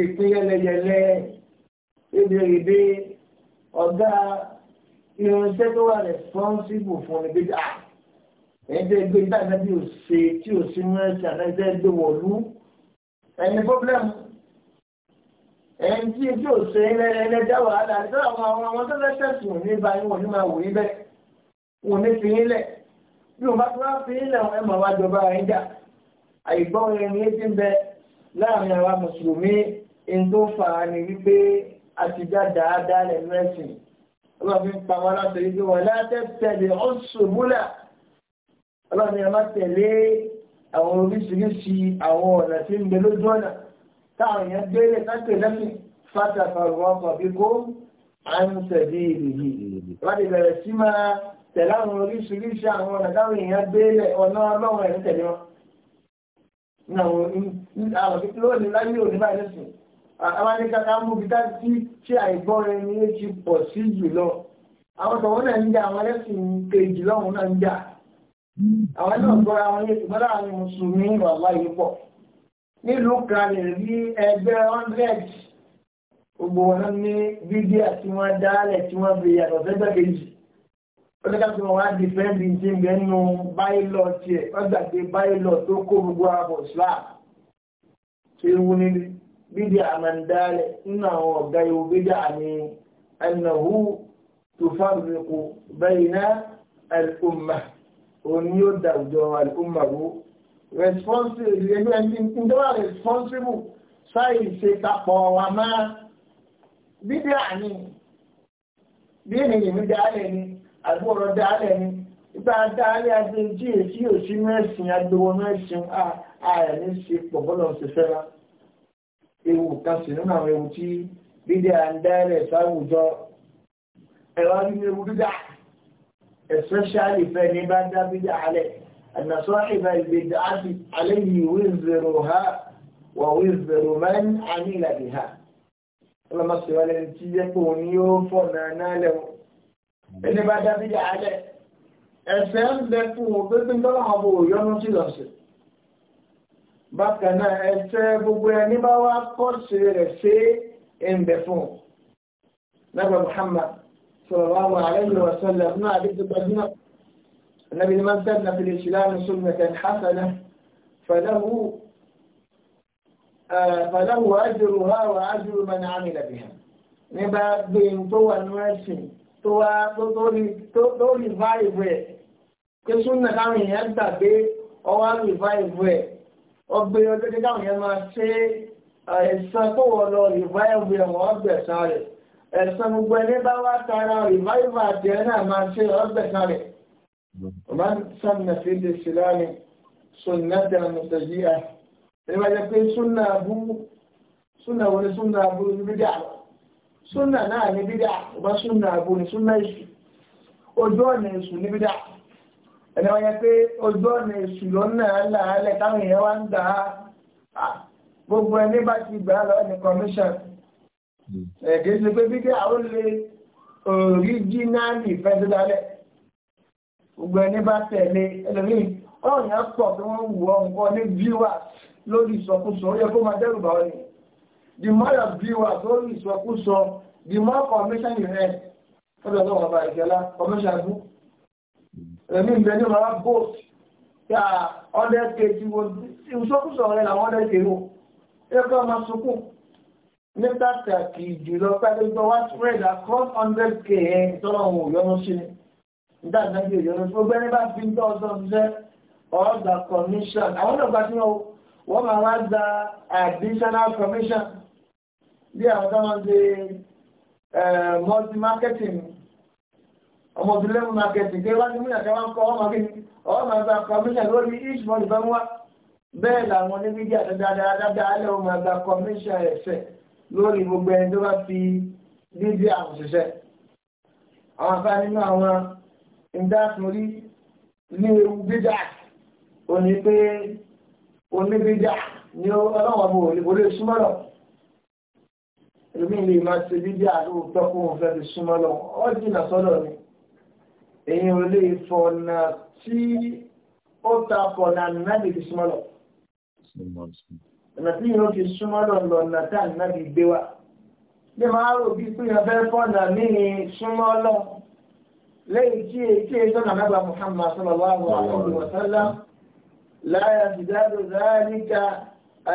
èpè yẹlẹyẹlẹ ebèrèbè ọ̀gá irinṣẹ́ tó wà responsible fún ni bí ah ẹ̀ẹ́dẹ́ gbé dáadáa bí o ṣe tí o ṣe mú ẹ̀ṣẹ̀ àtẹ́jẹ́ gbé wọ̀lú ẹni problem ẹni tí tí o ṣe ẹlẹ́dẹ́ wàhálà àti sọ́dọ̀ àwọn àwọn àwọn tó fẹ́ tẹ̀sùn ní ibà yín wọ́n ní máa wò yín bẹ́ẹ̀ wọ́n ní fi yín lẹ̀ bí o bá tó wá fi yín lẹ̀ ẹ̀ máa wá jọba ẹ̀ ń jà àyíkpọ́ ẹni yé ti ń bẹ láàrin àwa mùsùlùmí in tó fà á ni wípé a ti dá dáadáa lẹ́nu ẹ̀sìn ọlọ́run fi ń pa wọn láti wípé wọn láti tẹ̀lé ọ̀ṣùbúlà ọlọ́run yẹn má tẹ̀lé àwọn oríṣiríṣi àwọn ọ̀nà tí ń bẹ lójú ọ̀nà táwọn èèyàn gbélé káńtì lẹ́sìn fata faruwa kọ̀bí kó à ń tẹ̀lé ìrìlì wọ́n ti bẹ̀rẹ̀ sí máa tẹ̀lé àwọn oríṣiríṣi àwọn ọ̀nà táwọn èèyàn gbélé ọ̀nà ọlọ́run ẹ̀ ń tẹ̀lé wọn àwọn akẹ́kọ̀ọ́ mú bí dájú tí àìgbọ́rin ní ó ti pọ̀ sí jùlọ àwọn tọ̀wọ́ náà ń jà àwọn ẹlẹ́sìn kejì lọ́hùn náà ń jà àwọn náà gbọ́ra wọn yé ṣùgbọ́n láàrin mùsùlùmí bàbá yìí pọ̀ nílùú kan lè rí ẹgbẹ́ hundred gbogbo wọn ní fídíò tí wọ́n dálẹ̀ tí wọ́n fi yàtọ̀ sẹ́gbẹ́ kejì oníkàtí wọn wá di fẹ́ǹdì tí ń bẹ tiẹ̀ wọ́n gbàgbé báyìlọ بدع من دال إنه غير بدع أنه تفرق بين الأمة ونيود الأمة responsible ẹgbẹ́ ẹni tó wà responsible sáyì ṣe tapọ̀ wa máa bíbí àní bí ènìyàn mi dáálẹ̀ ni àgbọ̀rọ̀ dáálẹ̀ ni ìgbà dáálẹ̀ adé jí èsí òsínú ẹ̀sìn agbowó mẹ́sìn ààrẹ ní ṣe pọ̀ bọ́lọ̀ ṣe fẹ́ra ewu kan sì nínú àwọn ewu tí dídá ń dálẹ̀ sáwùjọ ẹ̀rọ nínú ewu dídá especially fẹ́ ní bá ń dá dídá alẹ̀ ànàsọ́ ìbá ìgbèdà àti alẹ́ yìí wíńzẹ̀rù ha wà wíńzẹ̀rù mẹ́rin àní ìlàdí ha ọlọ́mọsíwálẹ̀ tí jẹ́ pé òun yóò fọ̀ náà náà lẹ́wọ̀n ẹni bá dá dídá alẹ̀ ẹ̀sẹ̀ ń bẹ fún òun pé pé ń tọ́lọ́ àwọn òyọ́nú sí bákan náà ẹsẹ̀ gbogbo ẹni bá wá kọ́ọ̀sì rẹ̀ ṣe ẹ̀ǹbẹ̀ fún un. Nàbà Muhammad sallallahu alayhi wa sallam náà àdéhùn gbajúmọ̀. Nàbì ni máa ń tẹ́lẹ̀ fi lè ṣe láàrin sunnatan hasanah falahu eh, falahu ajruha wa ajru man amila biha. Nígbà gbẹ̀yìn tó wà ní ẹ̀sìn tó wá tó rí báyìí rẹ̀. Kí súnmọ̀ táwọn èèyàn gbàgbé ọwọ́ rí báyìí rẹ̀ ọgbẹ́ olóde káwọn yẹn máa ṣe ẹ̀sán tó wọ́n lọ rìvá ẹ̀wù ẹ̀wọ̀n ọgbẹ̀sán rẹ̀ ẹ̀sán gbogbo ẹni bá wá tara rìvá ìvà àtẹ̀ náà máa ṣe ọgbẹ̀sán rẹ̀. ọba sàmìnà fi lè ṣe láàrin sọ̀nà tẹ̀ àmọ̀tẹ̀jì à ẹni wáyé pé súnà abú súnà wọlé súnà abú ní bídà súnà náà ní bídà ọba súnà abú ní súnà ìṣù ojú ọ̀nà ìṣù ní bídà ẹni wọ́n yẹ pé ojú ọ̀nà èṣù lọ́nà àlàálẹ̀ táwọn èèyàn wá ń dà á gbogbo ẹni bá ti gbà á lọ ní commission hmm. ẹ̀kẹ́ ṣe pé bíkẹ́ àwọn lè oríjínálì fẹ́ tó dálẹ̀ gbogbo ẹni bá tẹ̀lé ẹlòmíì ọ̀rùn yẹn pọ̀ tí wọ́n wù ọ́ nǹkan ní viewers lórí ìsọkúsọ ó yẹ kó máa dẹ́rù bá ọ ni the more of viewers lórí ìsọkúsọ the more commission you earn ó lọ sọ́wọ́n bá ìjọlá commission fún ẹ̀mí ìgbẹ́ ní ọmọ bóòtù tí a ọdẹ́ kejì wo ìwúsọ́kúsọ rẹ̀ làwọn ọdẹ́ kejì wo ẹ̀kọ́ ọmọ sunkún ní pàtàkì jùlọ pẹ̀lú ìgbọ́ wá spread across hundred k ẹ̀ tọ́lọ̀ òun òyọ́nú sí ni nígbà tí wọ́n ti òyọ́nú sí gbogbo ẹni bá fi ń tọ́ ọ̀sán ṣiṣẹ́ ọ̀ọ́dà commission àwọn ọ̀dọ̀ gbajúmọ̀ o wọ́n máa wá gba additional commission bí àwọn tó máa ń ṣe eh, multi marketing ọmọ ìdílé mú ma kẹsì pé wájú mú yàtọ̀ wọn kọ́ ọmọ kíni ọmọ máa gba commission lórí each month fẹ́ wá bẹ́ẹ̀ làwọn oníbíjì àdádáadáa alẹ́ wọn máa gba commission ẹ̀sẹ̀ lórí gbogbo ẹni tó bá fi dídí àwọn òṣìṣẹ́ àwọn afá nínú àwọn ìdásórí ní ewu bíjà òní pé oníbíjà ni ọlọ́wọ́ bò olè súnmọ́ lọ èmi lè máa ṣe bíjà àdúgbò tọ́kùn òfin fi èyàn ò lè fọ̀nà tí ó ta fọ̀nà náàbì fi súnmọ́ lọ. ọ̀nà tí yóò fi súnmọ́ lọ lọ́nà tá à náàbì gbé wá. bí máa rò bí pé yàn fẹ́ fọ̀nà míì súnmọ́ lọ lẹ́yìn tí èké sọ̀nà náà bá Muhammad sallallahu alaihi wa sallam láyà tìjáde záàlíkà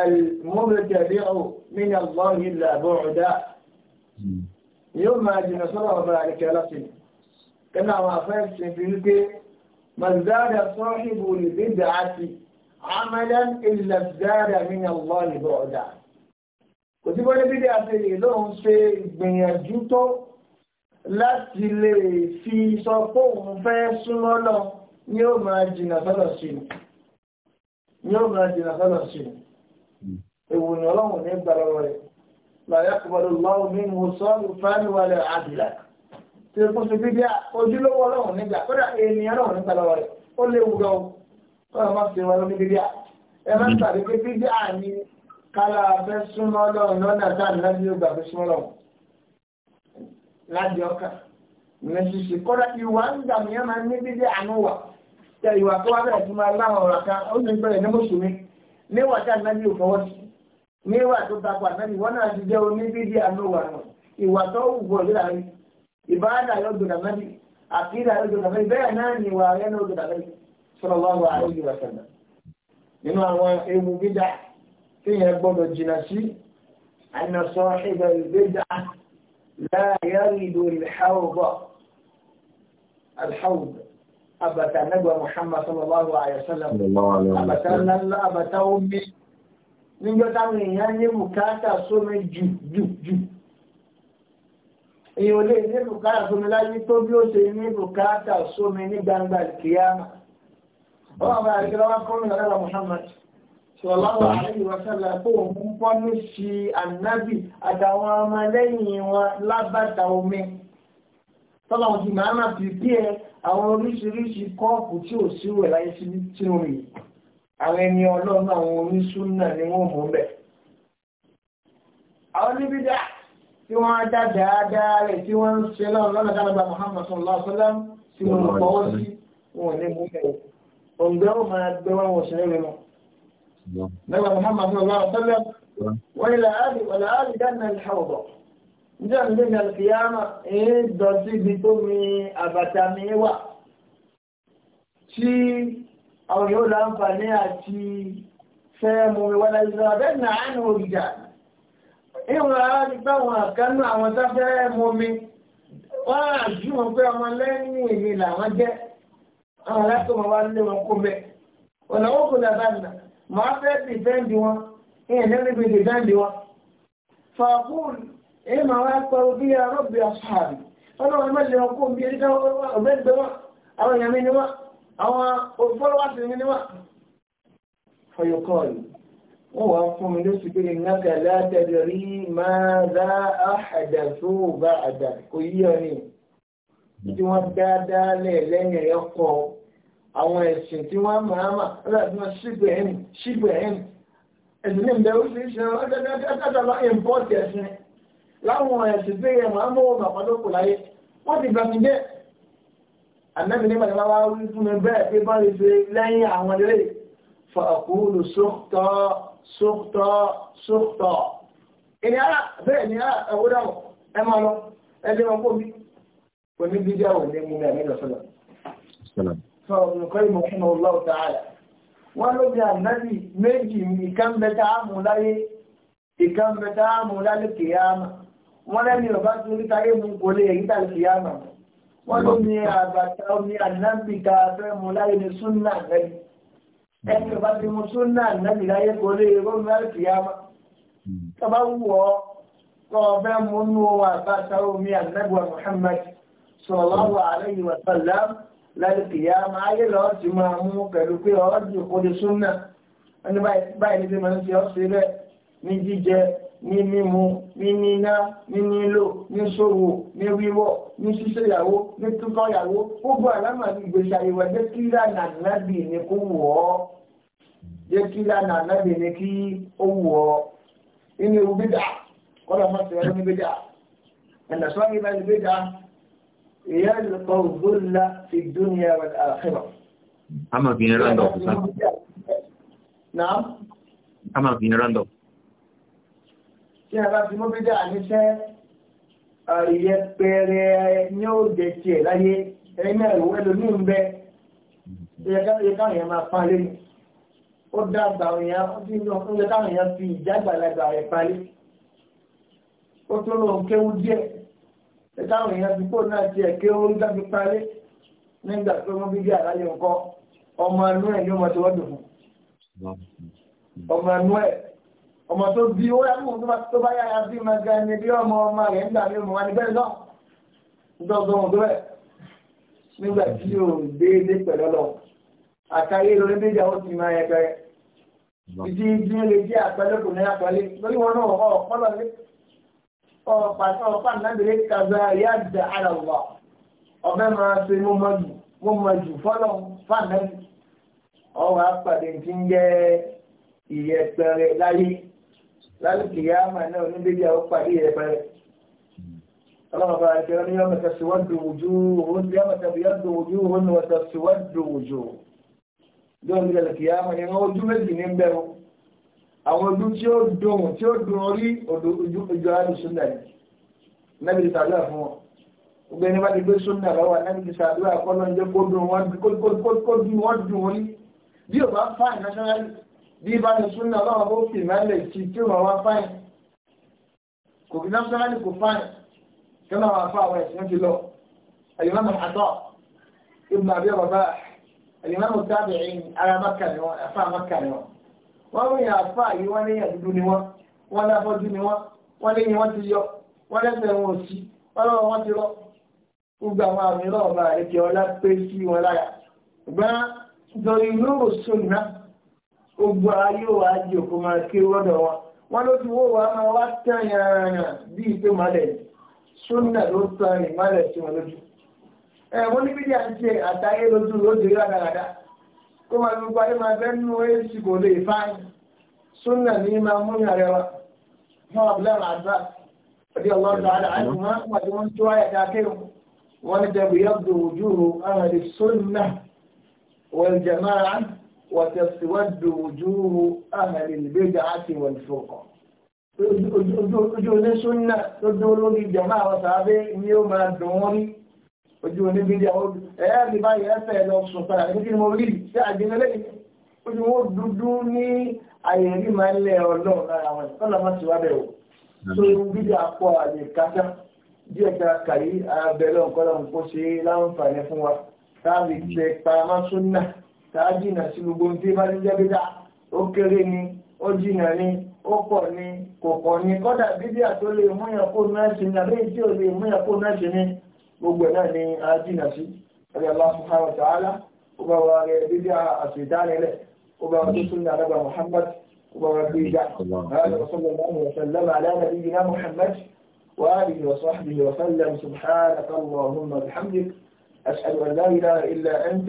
al-mubtadi'u min Allah illa bu'da. Hmm. yóò máa jìnnà sọ́nà ọ̀bà àríkẹ́ lọ́sìn kẹ́nà àwọn afẹ́ẹ̀sì fi wípé mazada sọ́ọ̀hìbù lè dé dàásì amadan ilẹ̀ zada min Allah lè bọ̀ ọ̀dà. kò sí bọ́lá bídẹ́ àfẹ́lẹ̀ lóun ṣe ìgbìyànjú tó láti lè fi sọ pé òun fẹ́ súnmọ́ náà ni ó máa jìnnà sọ́dọ̀ sí i ni ó máa jìnnà sọ́dọ̀ sí i èwò ni ọlọ́run ní gbàlọ́wọ́ rẹ̀ làyàkùbọ̀lù lọ́wọ́ mímú sọ́ọ̀lù fáníwálẹ̀ ṣe kó ṣe bí díà ojúlówó ọlọ́run nígbà kódà ènìyàn ọlọ́run nígbà lọ́wọ́ rẹ̀ ó léwu gan o kọ́ra má fi wọn lómi bí díà ẹ má tàbí pé bí díà ni kálá fẹ́ súnmọ́ ọlọ́run lọ́nà dáàbò láti yóò gbà fẹ́ súnmọ́ ọlọ́run láti ọkà ìyẹn ṣiṣẹ kódà ìwà ń gbà mí ẹ máa ní bí díà ní wà tẹ ìwà tó wá bẹ̀rẹ̀ tó máa láwọn ọ̀rọ̀ kan ó sì bẹ̀rẹ̀ ní mùsùlùmí níwà tí àgbájú ò fọwọ́ sí wọn náà ti jẹ́ oníbídìí àánú wà náà ìwà tó wù bọ̀ lórí àárín ìbáàdà yóò gbọdà mẹ́bí àkídà yóò gbọdà mẹ́bí bẹ́ẹ̀ náà ni ìwà rẹ̀ náà gbọdà mẹ́bí sallallahu alaihi wa sallam. nínú àwọn ewu bídà téèyàn gbọdọ̀ jìnnà sí anna sahiba al-bid'a la yaridu al-hawd al-hawd abata nagba muhammad sallallahu alaihi wa sallam abata ńláńlá abata omi nígbà táwọn èèyàn ní bùkátà sómi jù jù jù èèyàn lè ní bùkátà sómi láyé tó bí ó ṣe ní bùkátà sómi ní gbangba kìíyàmà wọ́n àbá àríkẹ́lá wá fún ìrọ̀lẹ́wà Muhammad sọ̀láwà àríwọ̀sálà tó ń pọ́ ní sí ànábì àtàwọn ọmọ lẹ́yìn wọn lábàtà omi tọ́lọ́wọ́n ti máa máa pìpì ẹ àwọn oríṣiríṣi kọ́ọ̀pù tí ò sí wẹ̀ láyé sínú rè àwọn ẹni ọlọ́run àwọn oníṣúná ni wọ́n mú bẹ̀ àwọn níbi dáa tí wọ́n dá dáadáa rẹ̀ tí wọ́n ń ṣe lọ́rùn lọ́nà dáadáa Muhammad sallallahu alaihi wasallam tí wọ́n ń fọwọ́ sí wọn ní mú bẹ̀rẹ̀ òǹgbẹ́ ó máa gbé wọn wọ̀ ṣẹ́rẹ́ rẹ̀ lọ. Nígbà Muhammad sallallahu alaihi wasallam wọ́n ilẹ̀ áàbì wọ̀lá áàbì dáná ìṣàwọ̀bọ̀. Ǹjẹ́ àmì lẹ́yìn àlùfíàmà èé dọ̀tí ibi tó mi àbàtà mi wà tí àwọn yóò láǹfààní àti fẹ́ mu wọlé ìṣàwọ̀bẹ̀ náà á ìwọ̀n ara ti báwọn àkánú àwọn sáfẹ́ mọ́mi wọ́n á jú wọn pé ọmọ lẹ́yìn èmi làwọn jẹ́ àwọn aláṣọ wọn wá lé wọn kó bẹ́ ọ̀nà ó kò dàbà nà màá fẹ́ dìfẹ́ǹdì wọn ìyẹn lẹ́nu ibi dìfẹ́ǹdì wọn. fàákùn èyí arọ́bì wọ́n náà wọ́n mẹ́lẹ̀ wọn kó bí eré wọn àwọn ni wọn àwọn olùfọ́lọ́wọ́sì ni wọn. fọyọkọ́ọ̀lù wọ́n wá fún mi lóṣù pé innaka la tadri madha ahdathu ba'dak kò yí ọ ni títí wọ́n dáadáa lẹ̀ lẹ́yìn rẹ̀ kọ́ àwọn ẹ̀sìn tí wọ́n máa mà láti wọ́n ṣígbẹ̀ ẹ̀ ṣígbẹ̀ ẹ̀ ẹ̀sìn ní ìbẹ̀rù sí ṣe ọ́dọ́dọ́dọ́dọ́ lọ ìmpọ́ọ̀tì ẹ̀sìn láwọn ẹ̀sìn pé ẹ̀ máa mọ́ wọn bàbá lóko láyé wọ́n ti bàmí jẹ́ ànábì ní bàbá wa wí fún mi bẹ́ẹ̀ pé bá lè ṣe lẹ́yìn àwọn ilé fàkúrú sókòtò sóòtọ́ sóòtọ́ ẹni ara bẹ́ẹ̀ ni ara ẹ̀wọ́ dàmọ̀ ẹ máa lọ ẹ lé wọn kó mi kò ní bí díẹ̀ wò ní mú mi àmì ìdọ̀sọ́lọ̀. sọ nǹkan ìmọ̀ fún ọlọ́ ta'ala wọ́n ló bí ànábì méjì ìkan bẹ́ta àmú láyé ìkan bẹ́ta àmú lálẹ́ kìyàmà wọ́n lẹ́ni ọ̀bá tó rí táyé mú kò lè yí tàbí kìyàmà wọ́n ló ní àbàtà omi ànábì ká fẹ́ mú láyé ní súnà lẹ́yìn. ẹni ọba ti mu súnà nàbì láyé kò lè rọ́ọ̀mù láti yá ma tọ́ba wù ọ́ kọ́ ọbẹ̀ mu nù ọ́ àbáta omi ànágbà Muhammad sallallahu alaihi wa sallam láti kìyà ma ayé lọ́ọ́ ti máa mú pẹ̀lú pé ọ́ jù kó súnà ẹni báyìí ní bí mo ń ṣe ọ́ sí ní jíjẹ ní mímu ní níná ní nílò ní ṣòwò ní wíwọ̀ ní ṣíṣe ìyàwó ní túkọ̀ ìyàwó gbogbo àlámà ní ìgbésí ayé wa jẹ́ kí lànà nábì ní kó wù ọ́ jẹ́ kí lànà nábì ní kí ó wù ọ́ inú ewu bídà kọ́lá máa ṣe ẹrú bídà ẹ̀nà sọ́ọ́ ní báyìí bídà ìyá ìlùkọ́ òzòlá fi dúnìyà wal akhirah. a máa fi ní rándọ̀ kùsà. a máa fi ní rándọ̀ kùsà tí a bá fi mọ́ bí dáa níṣẹ́ ìyẹpẹrẹ ní ó jẹ tiẹ̀ láyé ẹ̀yìn náà ìwé lómi ń bẹ ìyẹ káwọn èèyàn máa pa lẹ́nu ó dàgbà àwọn èèyàn ó ti yàn ó yẹ káwọn èèyàn fi ìjágbàlagbà rẹ̀ palé ó tó lóun kéwú díẹ̀ ẹ káwọn èèyàn fi kó náà tiẹ̀ kéwú dábí palé nígbà tó mọ́ bí dáa láyé nǹkan ọmọ inú ẹ̀ ní ọmọ tí wọ́n dùn fún ọmọ inú ẹ̀ ọmọ tó bí ó yà mú tó bá yára bí ma ga ni bí ọmọ ọmọ rẹ̀ ń gbà ní ọmọ wa ní bẹ́ẹ̀ náà nítorí ọmọ tó bẹ́ẹ̀ nígbà tí o déédé pẹ̀lú ọlọ àtàyè lórí méjì àwọn ti máa yẹ pẹ́rẹ́ ìdí ìdí lè jẹ́ àpẹẹrẹ kò ní àpẹẹrẹ lórí wọn náà ọ̀pọ̀lọ́ lé ọ̀pá nàbẹ̀rẹ̀ kàzá yá da ara wà ọ̀bẹ́ máa ṣe mo mọ jù mo mọ jù fọ́lọ́ fànàbì ọ̀wà pàdé ti ń jẹ́ ìyẹpẹrẹ láyé lálùkì yá àmà náà oníbèjì àwọn pàdé rẹ̀ bẹ̀rẹ̀ ọlọ́mọba àti ọ̀nà yọ̀mọ̀ tẹ̀síwájú ojú òun yọ̀mọ̀ tẹ̀síwájú ojú òun ni wọ́n tẹ̀síwájú ojú yóò ní lálùkì yá àmà yẹn ojú méjì ní bẹ́ẹ̀ àwọn ojú tí ó dùn tí ó dùn orí ojú ojú alùsùn náà nàbì ti sàdúrà fún wọn gbogbo ẹni bá ti gbé súnà lọ́wọ́ nàbì ti sàdúrà kọ́ lọ́njẹ́ kó dùn wọn dùn orí bí ò bá fà náṣọ́nálì bí bá ní súnà náà ó fi mẹ́lẹ̀ tí tí wọ́n wá fáìn kò fi náà ní kò fáìn kí wọ́n wá fún àwọn ẹ̀sìn ti lọ àyìnbá mi àtọ́ ibùdó àbí ọ̀bá àyìnbá mi tábì ẹ̀yìn ara maka ni wọn afa maka ni wọn wọn ń yàn afa yìí wọn léyìn àdúdú ni wọn wọn láfọjú ni wọn wọn léyìn wọn ti yọ wọn lẹsẹ wọn ò sí wọn lọ wọn ti rọ gbogbo àwọn àmì náà ọba àrèké ọlá pé sí wọn láyà ṣùgbọ́n nítorí lóòrò sóòlù náà gbogbo ayé wa di òkú máa ké lọ́dọ̀ wa wọn ya ti wó wa máa wá tán yàrá bí ìpè malẹ̀ sunna ló tan ìmalẹ̀ sí wọn lójú. ẹ wọn níbi díẹ̀ ń ṣe àtàyè lójú lójú rádaràdá kó máa gbogbo ayé máa fẹ́ nú sunna wa sunna wal jama'a. وتسود وجوه أهل البدعة والفرقة ojú oní súnà tó dún lórí ìjọba àwọn sàábé ni ó máa dùn wọ́n rí ojú oní bí díẹ̀ ẹ̀ẹ́ bí báyìí ẹ̀fẹ́ lọ sùn padà ní kí ni mo rí sí àjẹmẹ́lẹ́ ojú wọn dúdú ní àyè rí máa ń lẹ ọlọ́run lára wọn kọ́nà má ti wá bẹ̀ wò tó bí díẹ̀ pọ̀ àyè kátá díẹ̀ ká kàyí abẹ́rẹ́ ọ̀kọ́lọ́run kó ṣe láǹfààní fún wa táàbì tẹ pa má súnà. tá a jìnà sí gbogbo ohun tí bá ti jẹ́ bídà ó kéré ni ó jìnà ni ó pọ̀ ni kò pọ̀ ni kọ́dà bídíà tó lè mú yàn kó náà ṣe ni àbí tí ò lè mú yàn kó náà ṣe ni gbogbo ẹ̀ náà ni a jìnà sí ẹ̀rẹ̀ Allah subhanahu wa ta'ala ó bá wa rẹ̀ bídíà àti ìdánilẹ̀ ó bá wa tó tún ní àdàbà Muhammad ó bá wa gbé ìjà هذا وصلى الله وسلم على نبينا محمد وآله وصحبه وسلم سبحانك اللهم وبحمدك أشهد أن لا إله إلا أنت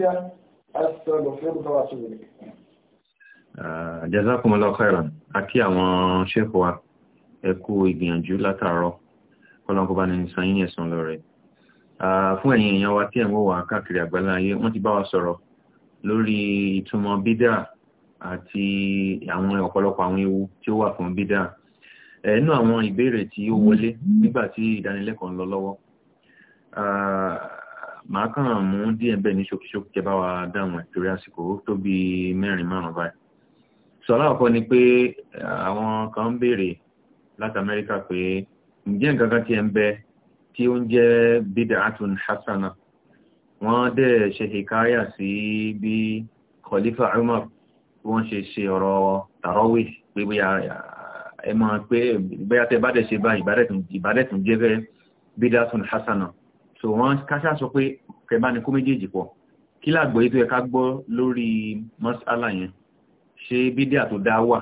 Ah, jazakumullahu khairan. A kí àwọn ṣẹ́kù wa ẹ kú ìgbìyànjú látàárọ̀. Kọ́lọ́nkọ́ bá ní san yín ẹ̀san lọ́rẹ. Ah, fún ẹ̀yin èèyàn wa tí ẹ̀ ń wò wá káàkiri àgbálá ayé, wọ́n ti bá wa sọ̀rọ̀ lórí ìtumọ̀ bídà àti àwọn ọ̀pọ̀lọpọ̀ àwọn ewu tí ó wà màá kàn mú díẹ̀ bẹ́ẹ̀ ní ṣókíṣókí kẹ bá wa dáhùn ẹ̀ torí àsìkò tó bí mẹ́rin márùn-ún báyìí. sọ aláwọ̀kọ́ ni pé àwọn kan ń béèrè láti amẹ́ríkà pé ǹjẹ́ nǹkan kan ti ẹ̀ ń bẹ tí ó ń jẹ́ bid'atun hasana wọ́n dẹ̀ ṣe hikaya sí bí Khalifa Umar wọ́n ṣe ṣe ọ̀rọ̀ tàrọ́wì pé bóyá ẹ mọ̀ pé bóyá tẹ bá dẹ̀ ṣe bá ìbádẹ́tùn jẹ́ bíd'atun hasana so wọ́n káṣá sọ pé kẹbá ni kó méjèèjì pọ̀ kí làgbọ́ yìí tó yẹ ká gbọ́ lórí mọ́sálà yẹn ṣé bídíà tó dá wà.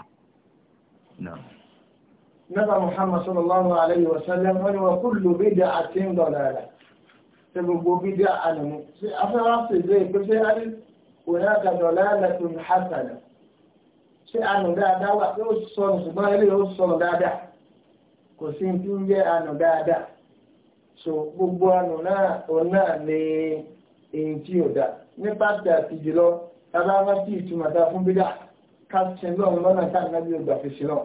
Nàbà Mùhàmmad sallallahu alayhi wa sallam wọ́n ni wọ́n kullu bid'atin dalalah. Ṣé gbogbo bídíà ànàmú? Ṣé afẹ́wà ṣe lé pé ṣé a rí hunaka dalalatun hasana? Ṣé ànà dáadáa wà? Ṣé ó ṣùgbọ́n ilé ó sọnù dáadáa? Kò sí ní so gbogbo àná náà òun náà ní èyí tí ò dá ní pàtàkì àti jùlọ tábà wá sí ìtumọ̀ tá a fún bídà ká sin lọ́run lọ́nà tá a nábì ògbà fi sin lọ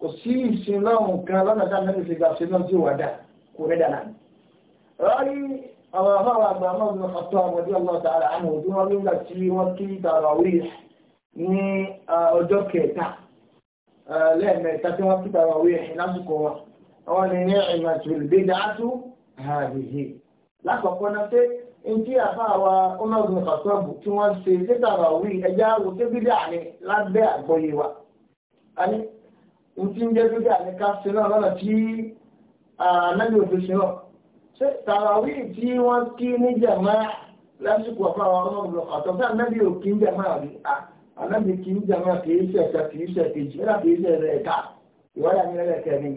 kò sí ìsin lọ́run kan lọ́nà tá a nábì fi gbà sin lọ́run tí ò wá dà kò rẹ̀ dànù. rọ́ọ̀lì àwọn afáwọn àgbà ọmọdé ní ọ̀tọ́ ọmọdé ọlọ́ta ara àmọ̀ òdú wọn nígbà tí wọ́n kí tàràwí ní ọjọ́ kẹta lẹ́ẹ̀mẹ́ta tí wọ́n kí tàràwí lásìkò wọn. àwọn ènìyàn ìmọ̀ hàdìhì lákọ̀ọ́kọ́ náà pé ntí àfáàwà ọmọọ̀gbìn kàtọ́ọ̀bù tí wọ́n ṣe sétàrà wí ẹja wo tébílẹ̀ àní lábẹ́ àgbọ̀yé wa àní ntí ń jẹ́ bíbí àní ká ṣe náà lọ́nà tí ànábì òfin ṣe náà ṣé tàràwí tí wọ́n kí ní jàmá lásìkò wa ọmọọ̀gbìn kàtọ́ọ̀bù tí ànábì ò kí ń jàmá rí a ànábì kí ń jàmá kìí ṣe ẹ̀ka kìí ṣe kejì ẹ̀ka kìí ṣe ẹ̀ka ìwádìí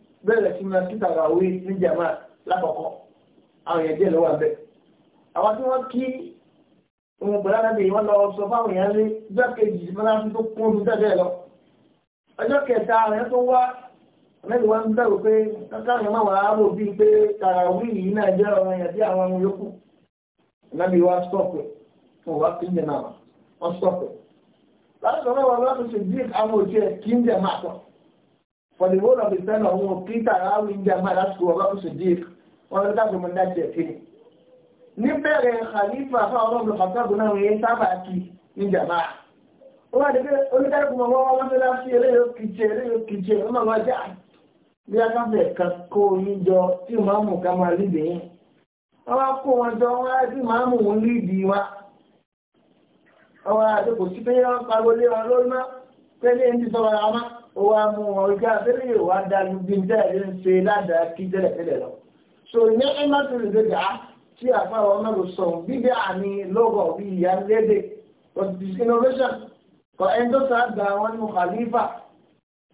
bẹ̀rẹ̀ sí máa kí tàràwí ní jàmá lákọ̀ọ́kọ́ àwọn èèyàn díẹ̀ ló wà bẹ́ẹ̀. àwọn tí wọ́n kí òun bọ̀dá lábẹ́ yìí wọ́n lọ sọ fáwọn èèyàn lé ọjọ́ kejì máa fi tó kún un tẹ́lẹ̀ lọ. ọjọ́ kẹta àwọn èèyàn tó wá mẹ́rin wá ń bẹ̀rù pé kankan yẹn máa wà á rò bíi pé tàràwí yìí náà jẹ́ ọ̀rọ̀ yẹn bí àwọn ohun yòókù. ìlànà ìwà stọ̀pù fún wa kí ń jẹ wọ́n stọ̀pù. láti sọ for the whole of the time of wọn kí tàràwì ń jẹ àgbà lásìkò ọba kò sùdík wọn lọ dábò mọ dájú ẹkẹ ni. níbẹ̀rẹ̀ khalifa fáwọn ọlọ́run fàtàgùn náà wọ́n yẹn sábà kí ní jàmbá. ó wà dé pé oníkálukú mọ̀ wọ́n wọ́n fẹ́lá sí eléyò kìjẹ eléyò kìjẹ ó máa wájà bí akáfẹ́ kan kó oyin jọ tí màmú ká máa lídè yín. wọ́n kó wọn jọ wọ́n á sí màmú wọn lídì wa. wọ́n wá pé wọ́n pariwo lé wọn lórí má pé ní ó wá mú wọn ojú abẹ́rẹ́ yóò wá dá lóbi ń tẹ́lẹ̀ ń ṣe ládàá kí tẹ́lẹ̀ tẹ́lẹ̀ lọ. so ní ẹ̀mọ́tò lè dé dàá tí àfáwọn mẹ́rin sọ bíbẹ́ àmì lọ́gọ̀ bí ìyá lédè but this innovation kọ ẹni tó sá gba àwọn nínú khalifa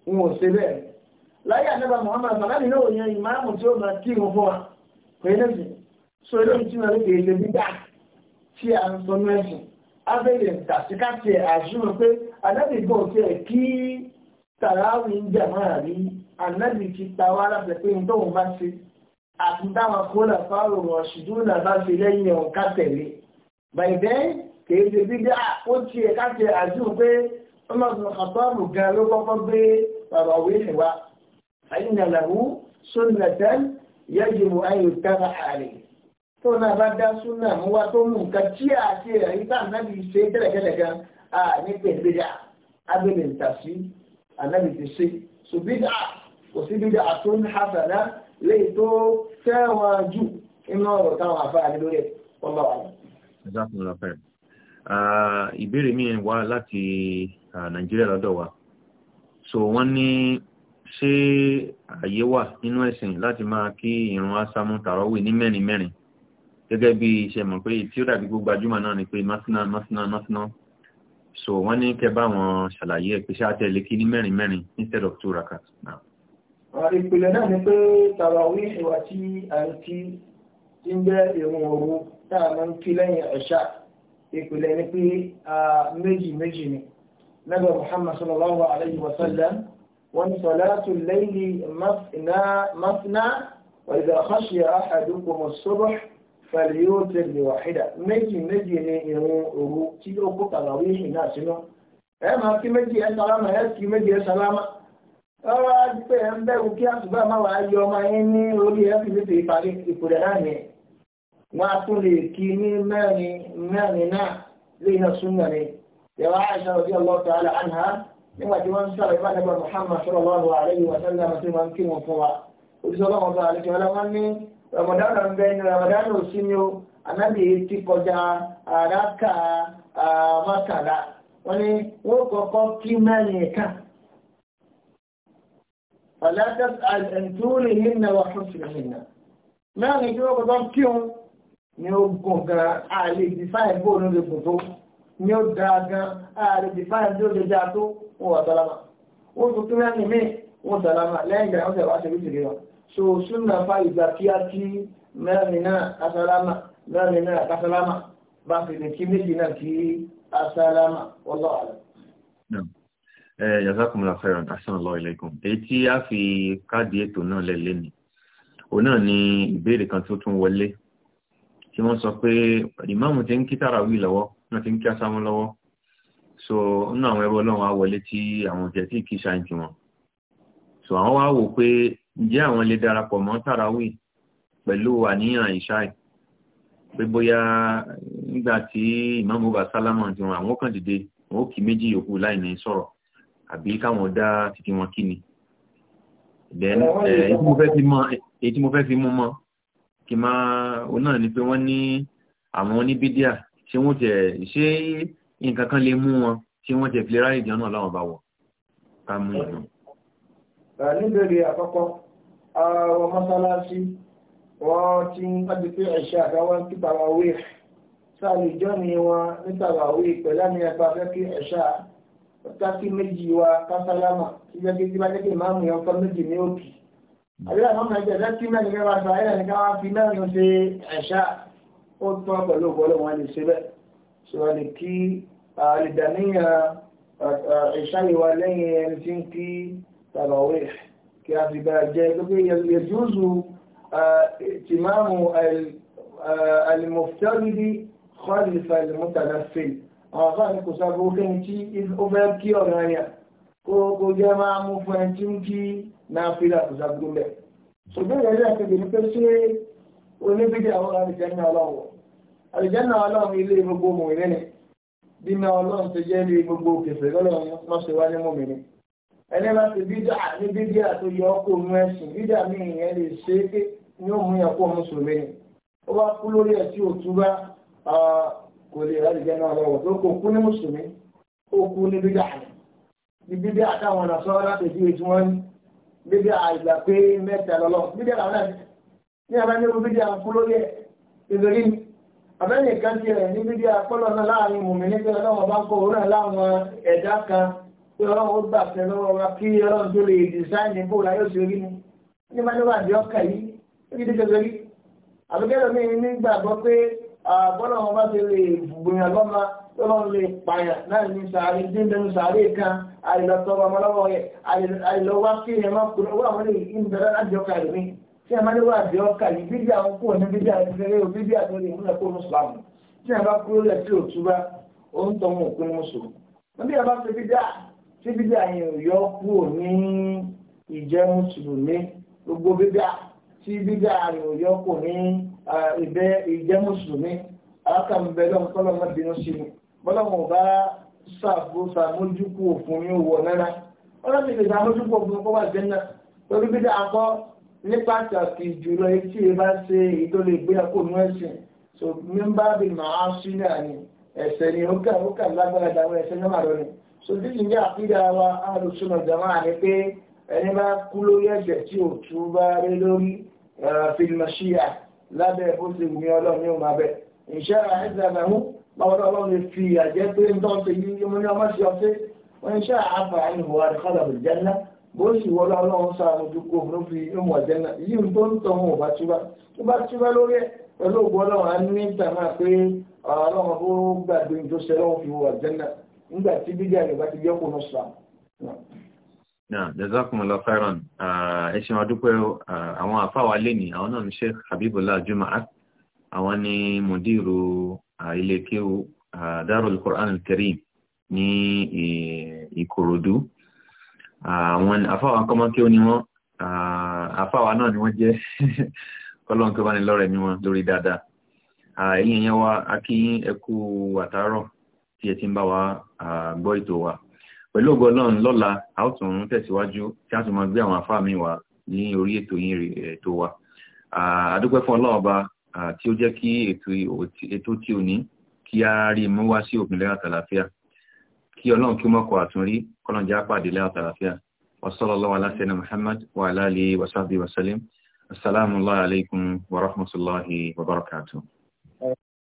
ń wò ṣe bẹ́ẹ̀. láyé àdébà Muhammad sàlámì náà yẹn ìmáàmù tí ó máa kí wọn fún wa kò yẹn lẹ́sìn so ilé ìtumọ̀ lè kéde bíbẹ́ tí à ń sọ mẹ́sìn abẹ́yẹ̀ tàṣíkàtì àṣùwọ̀n pé tàràwì ń jà máa rí anábì ti ta wá láti pé ní tóun bá ṣe àti táwọn kólà fáwọn ọ̀ṣìdún náà bá ṣe lẹ́yìn ọ̀ká tẹ̀lé bàìbẹ́ kìí ṣe bíbí ó ti ẹ̀ka ṣe àdúrà pé ọlọ́run àtọ́rù gan ló kọ́kọ́ gbé ọ̀rọ̀ wíìlì wa àyìnàlàwú sónàtẹ́ yẹ́jìmọ̀ ayòtára ààrẹ tó náà bá dá súnà mú wa tó mú nǹkan tí a ṣe àyíká náà fi ṣe tẹ́lẹ̀tẹ́lẹ̀ gan à ní pẹ̀lú àgbẹ̀lẹ̀ ìtàsí ànábì ti ṣe ṣùgbídà kò sí bídà tó ń hàbàdà léyìí tó tẹ́wọ̀n jù inú ọ̀rọ̀ táwọn àfáàní lórí ẹ̀ ọlọ́ ah, ìbéèrè mi wá láti ah, nàìjíríà lọ́dọ̀ wa so wọ́n ní ṣé àyè wà nínú ẹ̀sìn láti máa kí ìrun ásámú tàrọ́wì ní mẹ́rin mẹ́rin gẹ́gẹ́ bí ṣe mọ̀ pé tí ó dàbí gbogbo gbajúmọ̀ náà ni pé masina masina masina so wọ́n ní kẹ bá wọn ṣàlàyé ẹ̀ pé ṣe àtẹ́lẹ̀ kí ní mẹ́rin mẹ́rin instead of two rakat now. ìpìlẹ̀ náà ni pé tàbàwí ìwà tí a ń kí tí ń jẹ́ ìrun òru tá a máa ń kí lẹ́yìn ẹ̀ṣà ìpìlẹ̀ ni pé méjì méjì ni nabi muhammad sallallahu alayhi wa sallam wọ́n salatu al-layli masna masna wa idha khashiya ahadukum as fẹ̀lẹ̀ yóò tẹ̀lé wàhídà méjì méjì ni ìrun òru tí ó kó tàràwí ìhìn náà sínú ẹ máa kí méjì ẹ sálámà ẹ kí méjì ẹ sálámà rárá pé ẹ ń bẹ̀rù kí àtúbà má wàá yọ ọmọ yín ní orí ẹ fi tètè parí ìpìlẹ̀ náà ni wọn á tún lè kí ní mẹ́rin mẹ́rin náà lẹ́yìn náà súnmọ́ ni yàrá àìsàn òbí ọlọ́ọ̀tà àlà àná nígbà tí wọ́n ń sọ̀rọ̀ Ramadan ń bẹ ní Ramadan ò sí ní o anábì ti kọjá àràkà mọ́kàlá wọ́n ní wọ́n kọ́kọ́ kí mẹ́rin ẹ̀ka. Fàlàtà àtúrì nínú wa fún Fìlìmìnà. Mẹ́rin tí wọ́n kọ́kọ́ kí òun ni ó gùn gan àlè ìdífáì bóòlù lè gùn tó ni ó da gan àlè ìdífáì bí ó lè dáa tó wọ́n wà sálámà. Wọ́n tuntun mẹ́rin míì wọ́n sálámà lẹ́yìn ìgbà wọ́n sẹ̀ wá ṣe bí ṣèlè wọn so súnà fa ìgbà kí á kí mẹ́rin náà asálámà mẹ́rin náà asálámà bá fi lè kí méjì náà kí asálámà wallahu a'lam. Eh, jazakumullahu khairan assalamu alaikum èyí tí a fi káàdì ètò náà lẹ́lẹ́ ni òun náà ni ìbéèrè kan tó tún wọlé tí wọ́n sọ pé ìmáàmù ti ń kí tàràwí lọ́wọ́ náà ti ń kí asámú lọ́wọ́ so nínú àwọn ẹrú ọlọ́run á wọlé tí àwọn òjẹ̀ tí kì í ṣáà ń tiwọn so àwọn wá wò pé ǹjẹ́ àwọn lè darapọ̀ mọ́ tàràwì pẹ̀lú àníyàn ìṣáì pé bóyá nígbà tí ìmáàmù bá sálámà ti wọn àwọn kan dìde wọn ó kí méjì yòókù láì ní sọ̀rọ̀ àbí káwọn dá títí wọn kí ni eh, èyí tí mo fẹ́ fi mú mọ́ kí máa òun náà ni pé wọ́n ní àwọn oníbídíà ṣé wọ́n tẹ̀ ṣé nǹkan kan lè mú wọn tí wọ́n tẹ̀ fi ráyè jẹun náà láwọn bá wọ̀ ká mú ìrìn. níbèrè àkọ́kọ́ àwọn mọ́sálásí wọ́n ti ń pàdé pé ẹ̀ṣẹ́ àtàwọn kí tàwáwé sáàlì ni wọn ní tàwáwé pẹ̀lú àmì ẹ̀fà fẹ́ kí ẹ̀ṣẹ́ kákí méjì wa kásálámà tí jẹ́ kí bá jẹ́ kí ìmáàmù yẹn fọ́ méjì ní òkè. àbílẹ̀ àwọn ọmọ ẹ̀jẹ̀ ẹ̀jẹ̀ kí mẹ́rin kẹ́ máa sọ ayé ẹ̀ka wá fi mẹ́rin ṣe ẹ̀ṣẹ́ ó tán pẹ̀lú ògbọ́lọ̀ wọn kí a fi bẹ̀rẹ̀ jẹ́ gbogbo yẹjúzù tìmáàmù alimọ̀fẹ́lìdì kọ́lìfà alimọ̀tàdáfẹ́ àwọn afáà ní kò sábà ó fẹ́ni tí ó fẹ́ kí ọ̀rọ̀ ẹ̀yà kó jẹ́ máa mú fún ẹni tí ń kí náà fílà kò sábà ó bẹ̀. ṣùgbọ́n ìrẹ̀lẹ̀ àkejì ní pé ṣé oníbídìí àwọn àlùjànnà ọlọ́wọ̀ àlùjànnà ọlọ́run ilé gbogbo mòmìnir bí mi ọlọ́run ti jẹ́ ilé gbogbo kẹfẹ́ lọ́lọ́run mọ́ṣẹ́wá ní mòmìnir ẹni máa fi bídíà ní bídíà tó yọ ọkọ òun ẹsùn bídíà mi ìyẹn lè ṣe é pé ní òun yẹ kó ni ó bá kú lórí ẹ tí òtún bá kò lè rà lìjẹ náà lọ́wọ́ tó kò kú ní mùsùlùmí ó kú ní ni ní bídíà táwọn ọ̀nà sọ́ọ́ láti ètò wọn àìgbà pé mẹ́ta lọ́lọ́ ní lórí ni abẹ́nìkan tiẹ̀ ní náà láàrin mùmí nígbà náà wọ́n bá òun náà pé ọlọ́run gbà fẹ́ lọ́wọ́ wa kí ọlọ́run tó lè dìsáìnì bó la yóò ṣe rí mu ní bá níwà ní ọkà yìí ó ti dé kékeré àbíkẹ́lẹ́ mi nígbàgbọ́ pé àbọ́lọ̀ wọn bá ti lè gbìyàn lọ́mọ lọ́run lè pààyàn náà ní sàárè díndín sàárè kan àìlọ́tọ́ ọmọ lọ́wọ́ yẹ àìlọ́wọ́ kí ẹ má kúrò wọ́n àwọn lè ń bẹ̀rẹ̀ láti ọkà rẹ̀ mí tí ẹ má níwà ní ọkà yìí bíbí àwọn kúrò ní bíbí àwọn ìfẹ́rẹ́ ò bíbí àtọ́ lè múlẹ̀ kúrò mùsùlùmù tí ẹ bá kúrò lẹ̀ tí ó ń tọ́ wọn òpin mùsùlùmù tí bíbá yẹn ò yọ kúrò ní ìjẹ́ mùsùlùmí gbogbo bíbá tí bíbá yẹn ò yọ kúrò ní ìbẹ́ ìjẹ́ mùsùlùmí alákàmbẹ́ lọ́mọ kọ́lọ́mọ bínú sí mi bọ́lọ́mọ bá ṣàbò ṣàmójúkú òfin yóò wọ̀ náírà ọlọ́mọ ìlú ṣàmójúkú òfin kọ́ wà jẹ́ náà torí bíbá akọ́ ní pàtàkì jùlọ etí ẹ bá ṣe ìdólé ìgbéyàwó nù ẹ̀sìn so mímbà bí màá sí náà ni ẹ̀sẹ̀ ni ó kà ó kà lágbára dàwọn ẹ̀sẹ̀ náà mà lọ́nìí sòdí yìí ní àfihàn wa alùsùnà jama ni pé ẹni bá kú lórí ẹ̀jẹ̀ tí ò tú bá rí lórí fìlìmọ̀ṣíà lábẹ́ bó ti wù mí ọlọ́run ní òun abẹ́ ìṣẹ́ àìsàn àmàhún báwọn ọlọ́run lè fi àjẹ́ pé ń tọ́ ṣe yí mo ní ọmọ ṣe ọtí wọ́n ń ṣe àáfà àyìnbó àdìkọ́lọ̀ ìjẹ́nà bó sì wọ́n ọlọ́run sáà ojú kó ló fi ìmọ̀ ọ̀jẹ́nà yìí tó ń tọ́ wọn bá túbá tó bá túbá lórí ẹ̀ pẹ̀lú ògbọ́n ọlọ́run á ní ìtàn náà pé ọlọ́run ó gbàgbé ìjọsẹ̀ lọ́wọ́ fi wọ ọ̀jẹ́nà nígbà tí bídíà rẹ̀ bá ti jẹ́ kó náà sàn. Náà, Jazakumullahu khairan, ah, ẹ ṣeun adúpẹ́ ah, àwọn àfáwà lẹ́ni, àwọn náà ní Sheikh Habibullah Jumaat, àwọn ni Mùdírù ah, ilé kéwù Darul Qur'an al-Karim ní eh, Ìkòròdú. Àwọn àfáwà kọ́mọ́ kéwù ni wọ́n, àfáwà náà ni wọ́n jẹ́ kọ́lọ́n bá ní lọ́rẹ̀ ni wọ́n lórí dáadáa. Ẹ̀yin ẹ̀yẹn wa, a kí ẹkú àtàárọ̀ tí ẹ ti ń bá wa àgbọ́ ètò wa pẹ̀lú ògo ọlọ́run lọ́la a ó tún tẹ̀síwájú tí a tún máa gbé àwọn afáàmì wa ní orí ètò yín ètò wa àdúpẹ́ fún ọlọ́run ọba tí ó jẹ́ kí ètò tí ò ní kí a rí mú wá sí òpin lẹ́yìn àtàlàfíà kí ọlọ́run kí ó mọ́kọ̀ àtúnrí kọ́lọ́n jẹ́ àpàdé lẹ́yìn àtàlàfíà wasallallahu ala sayyidina muhammad wa ala alihi wa sahbihi wa sallam assalamu alaikum wa rahmatullahi wa barakatuh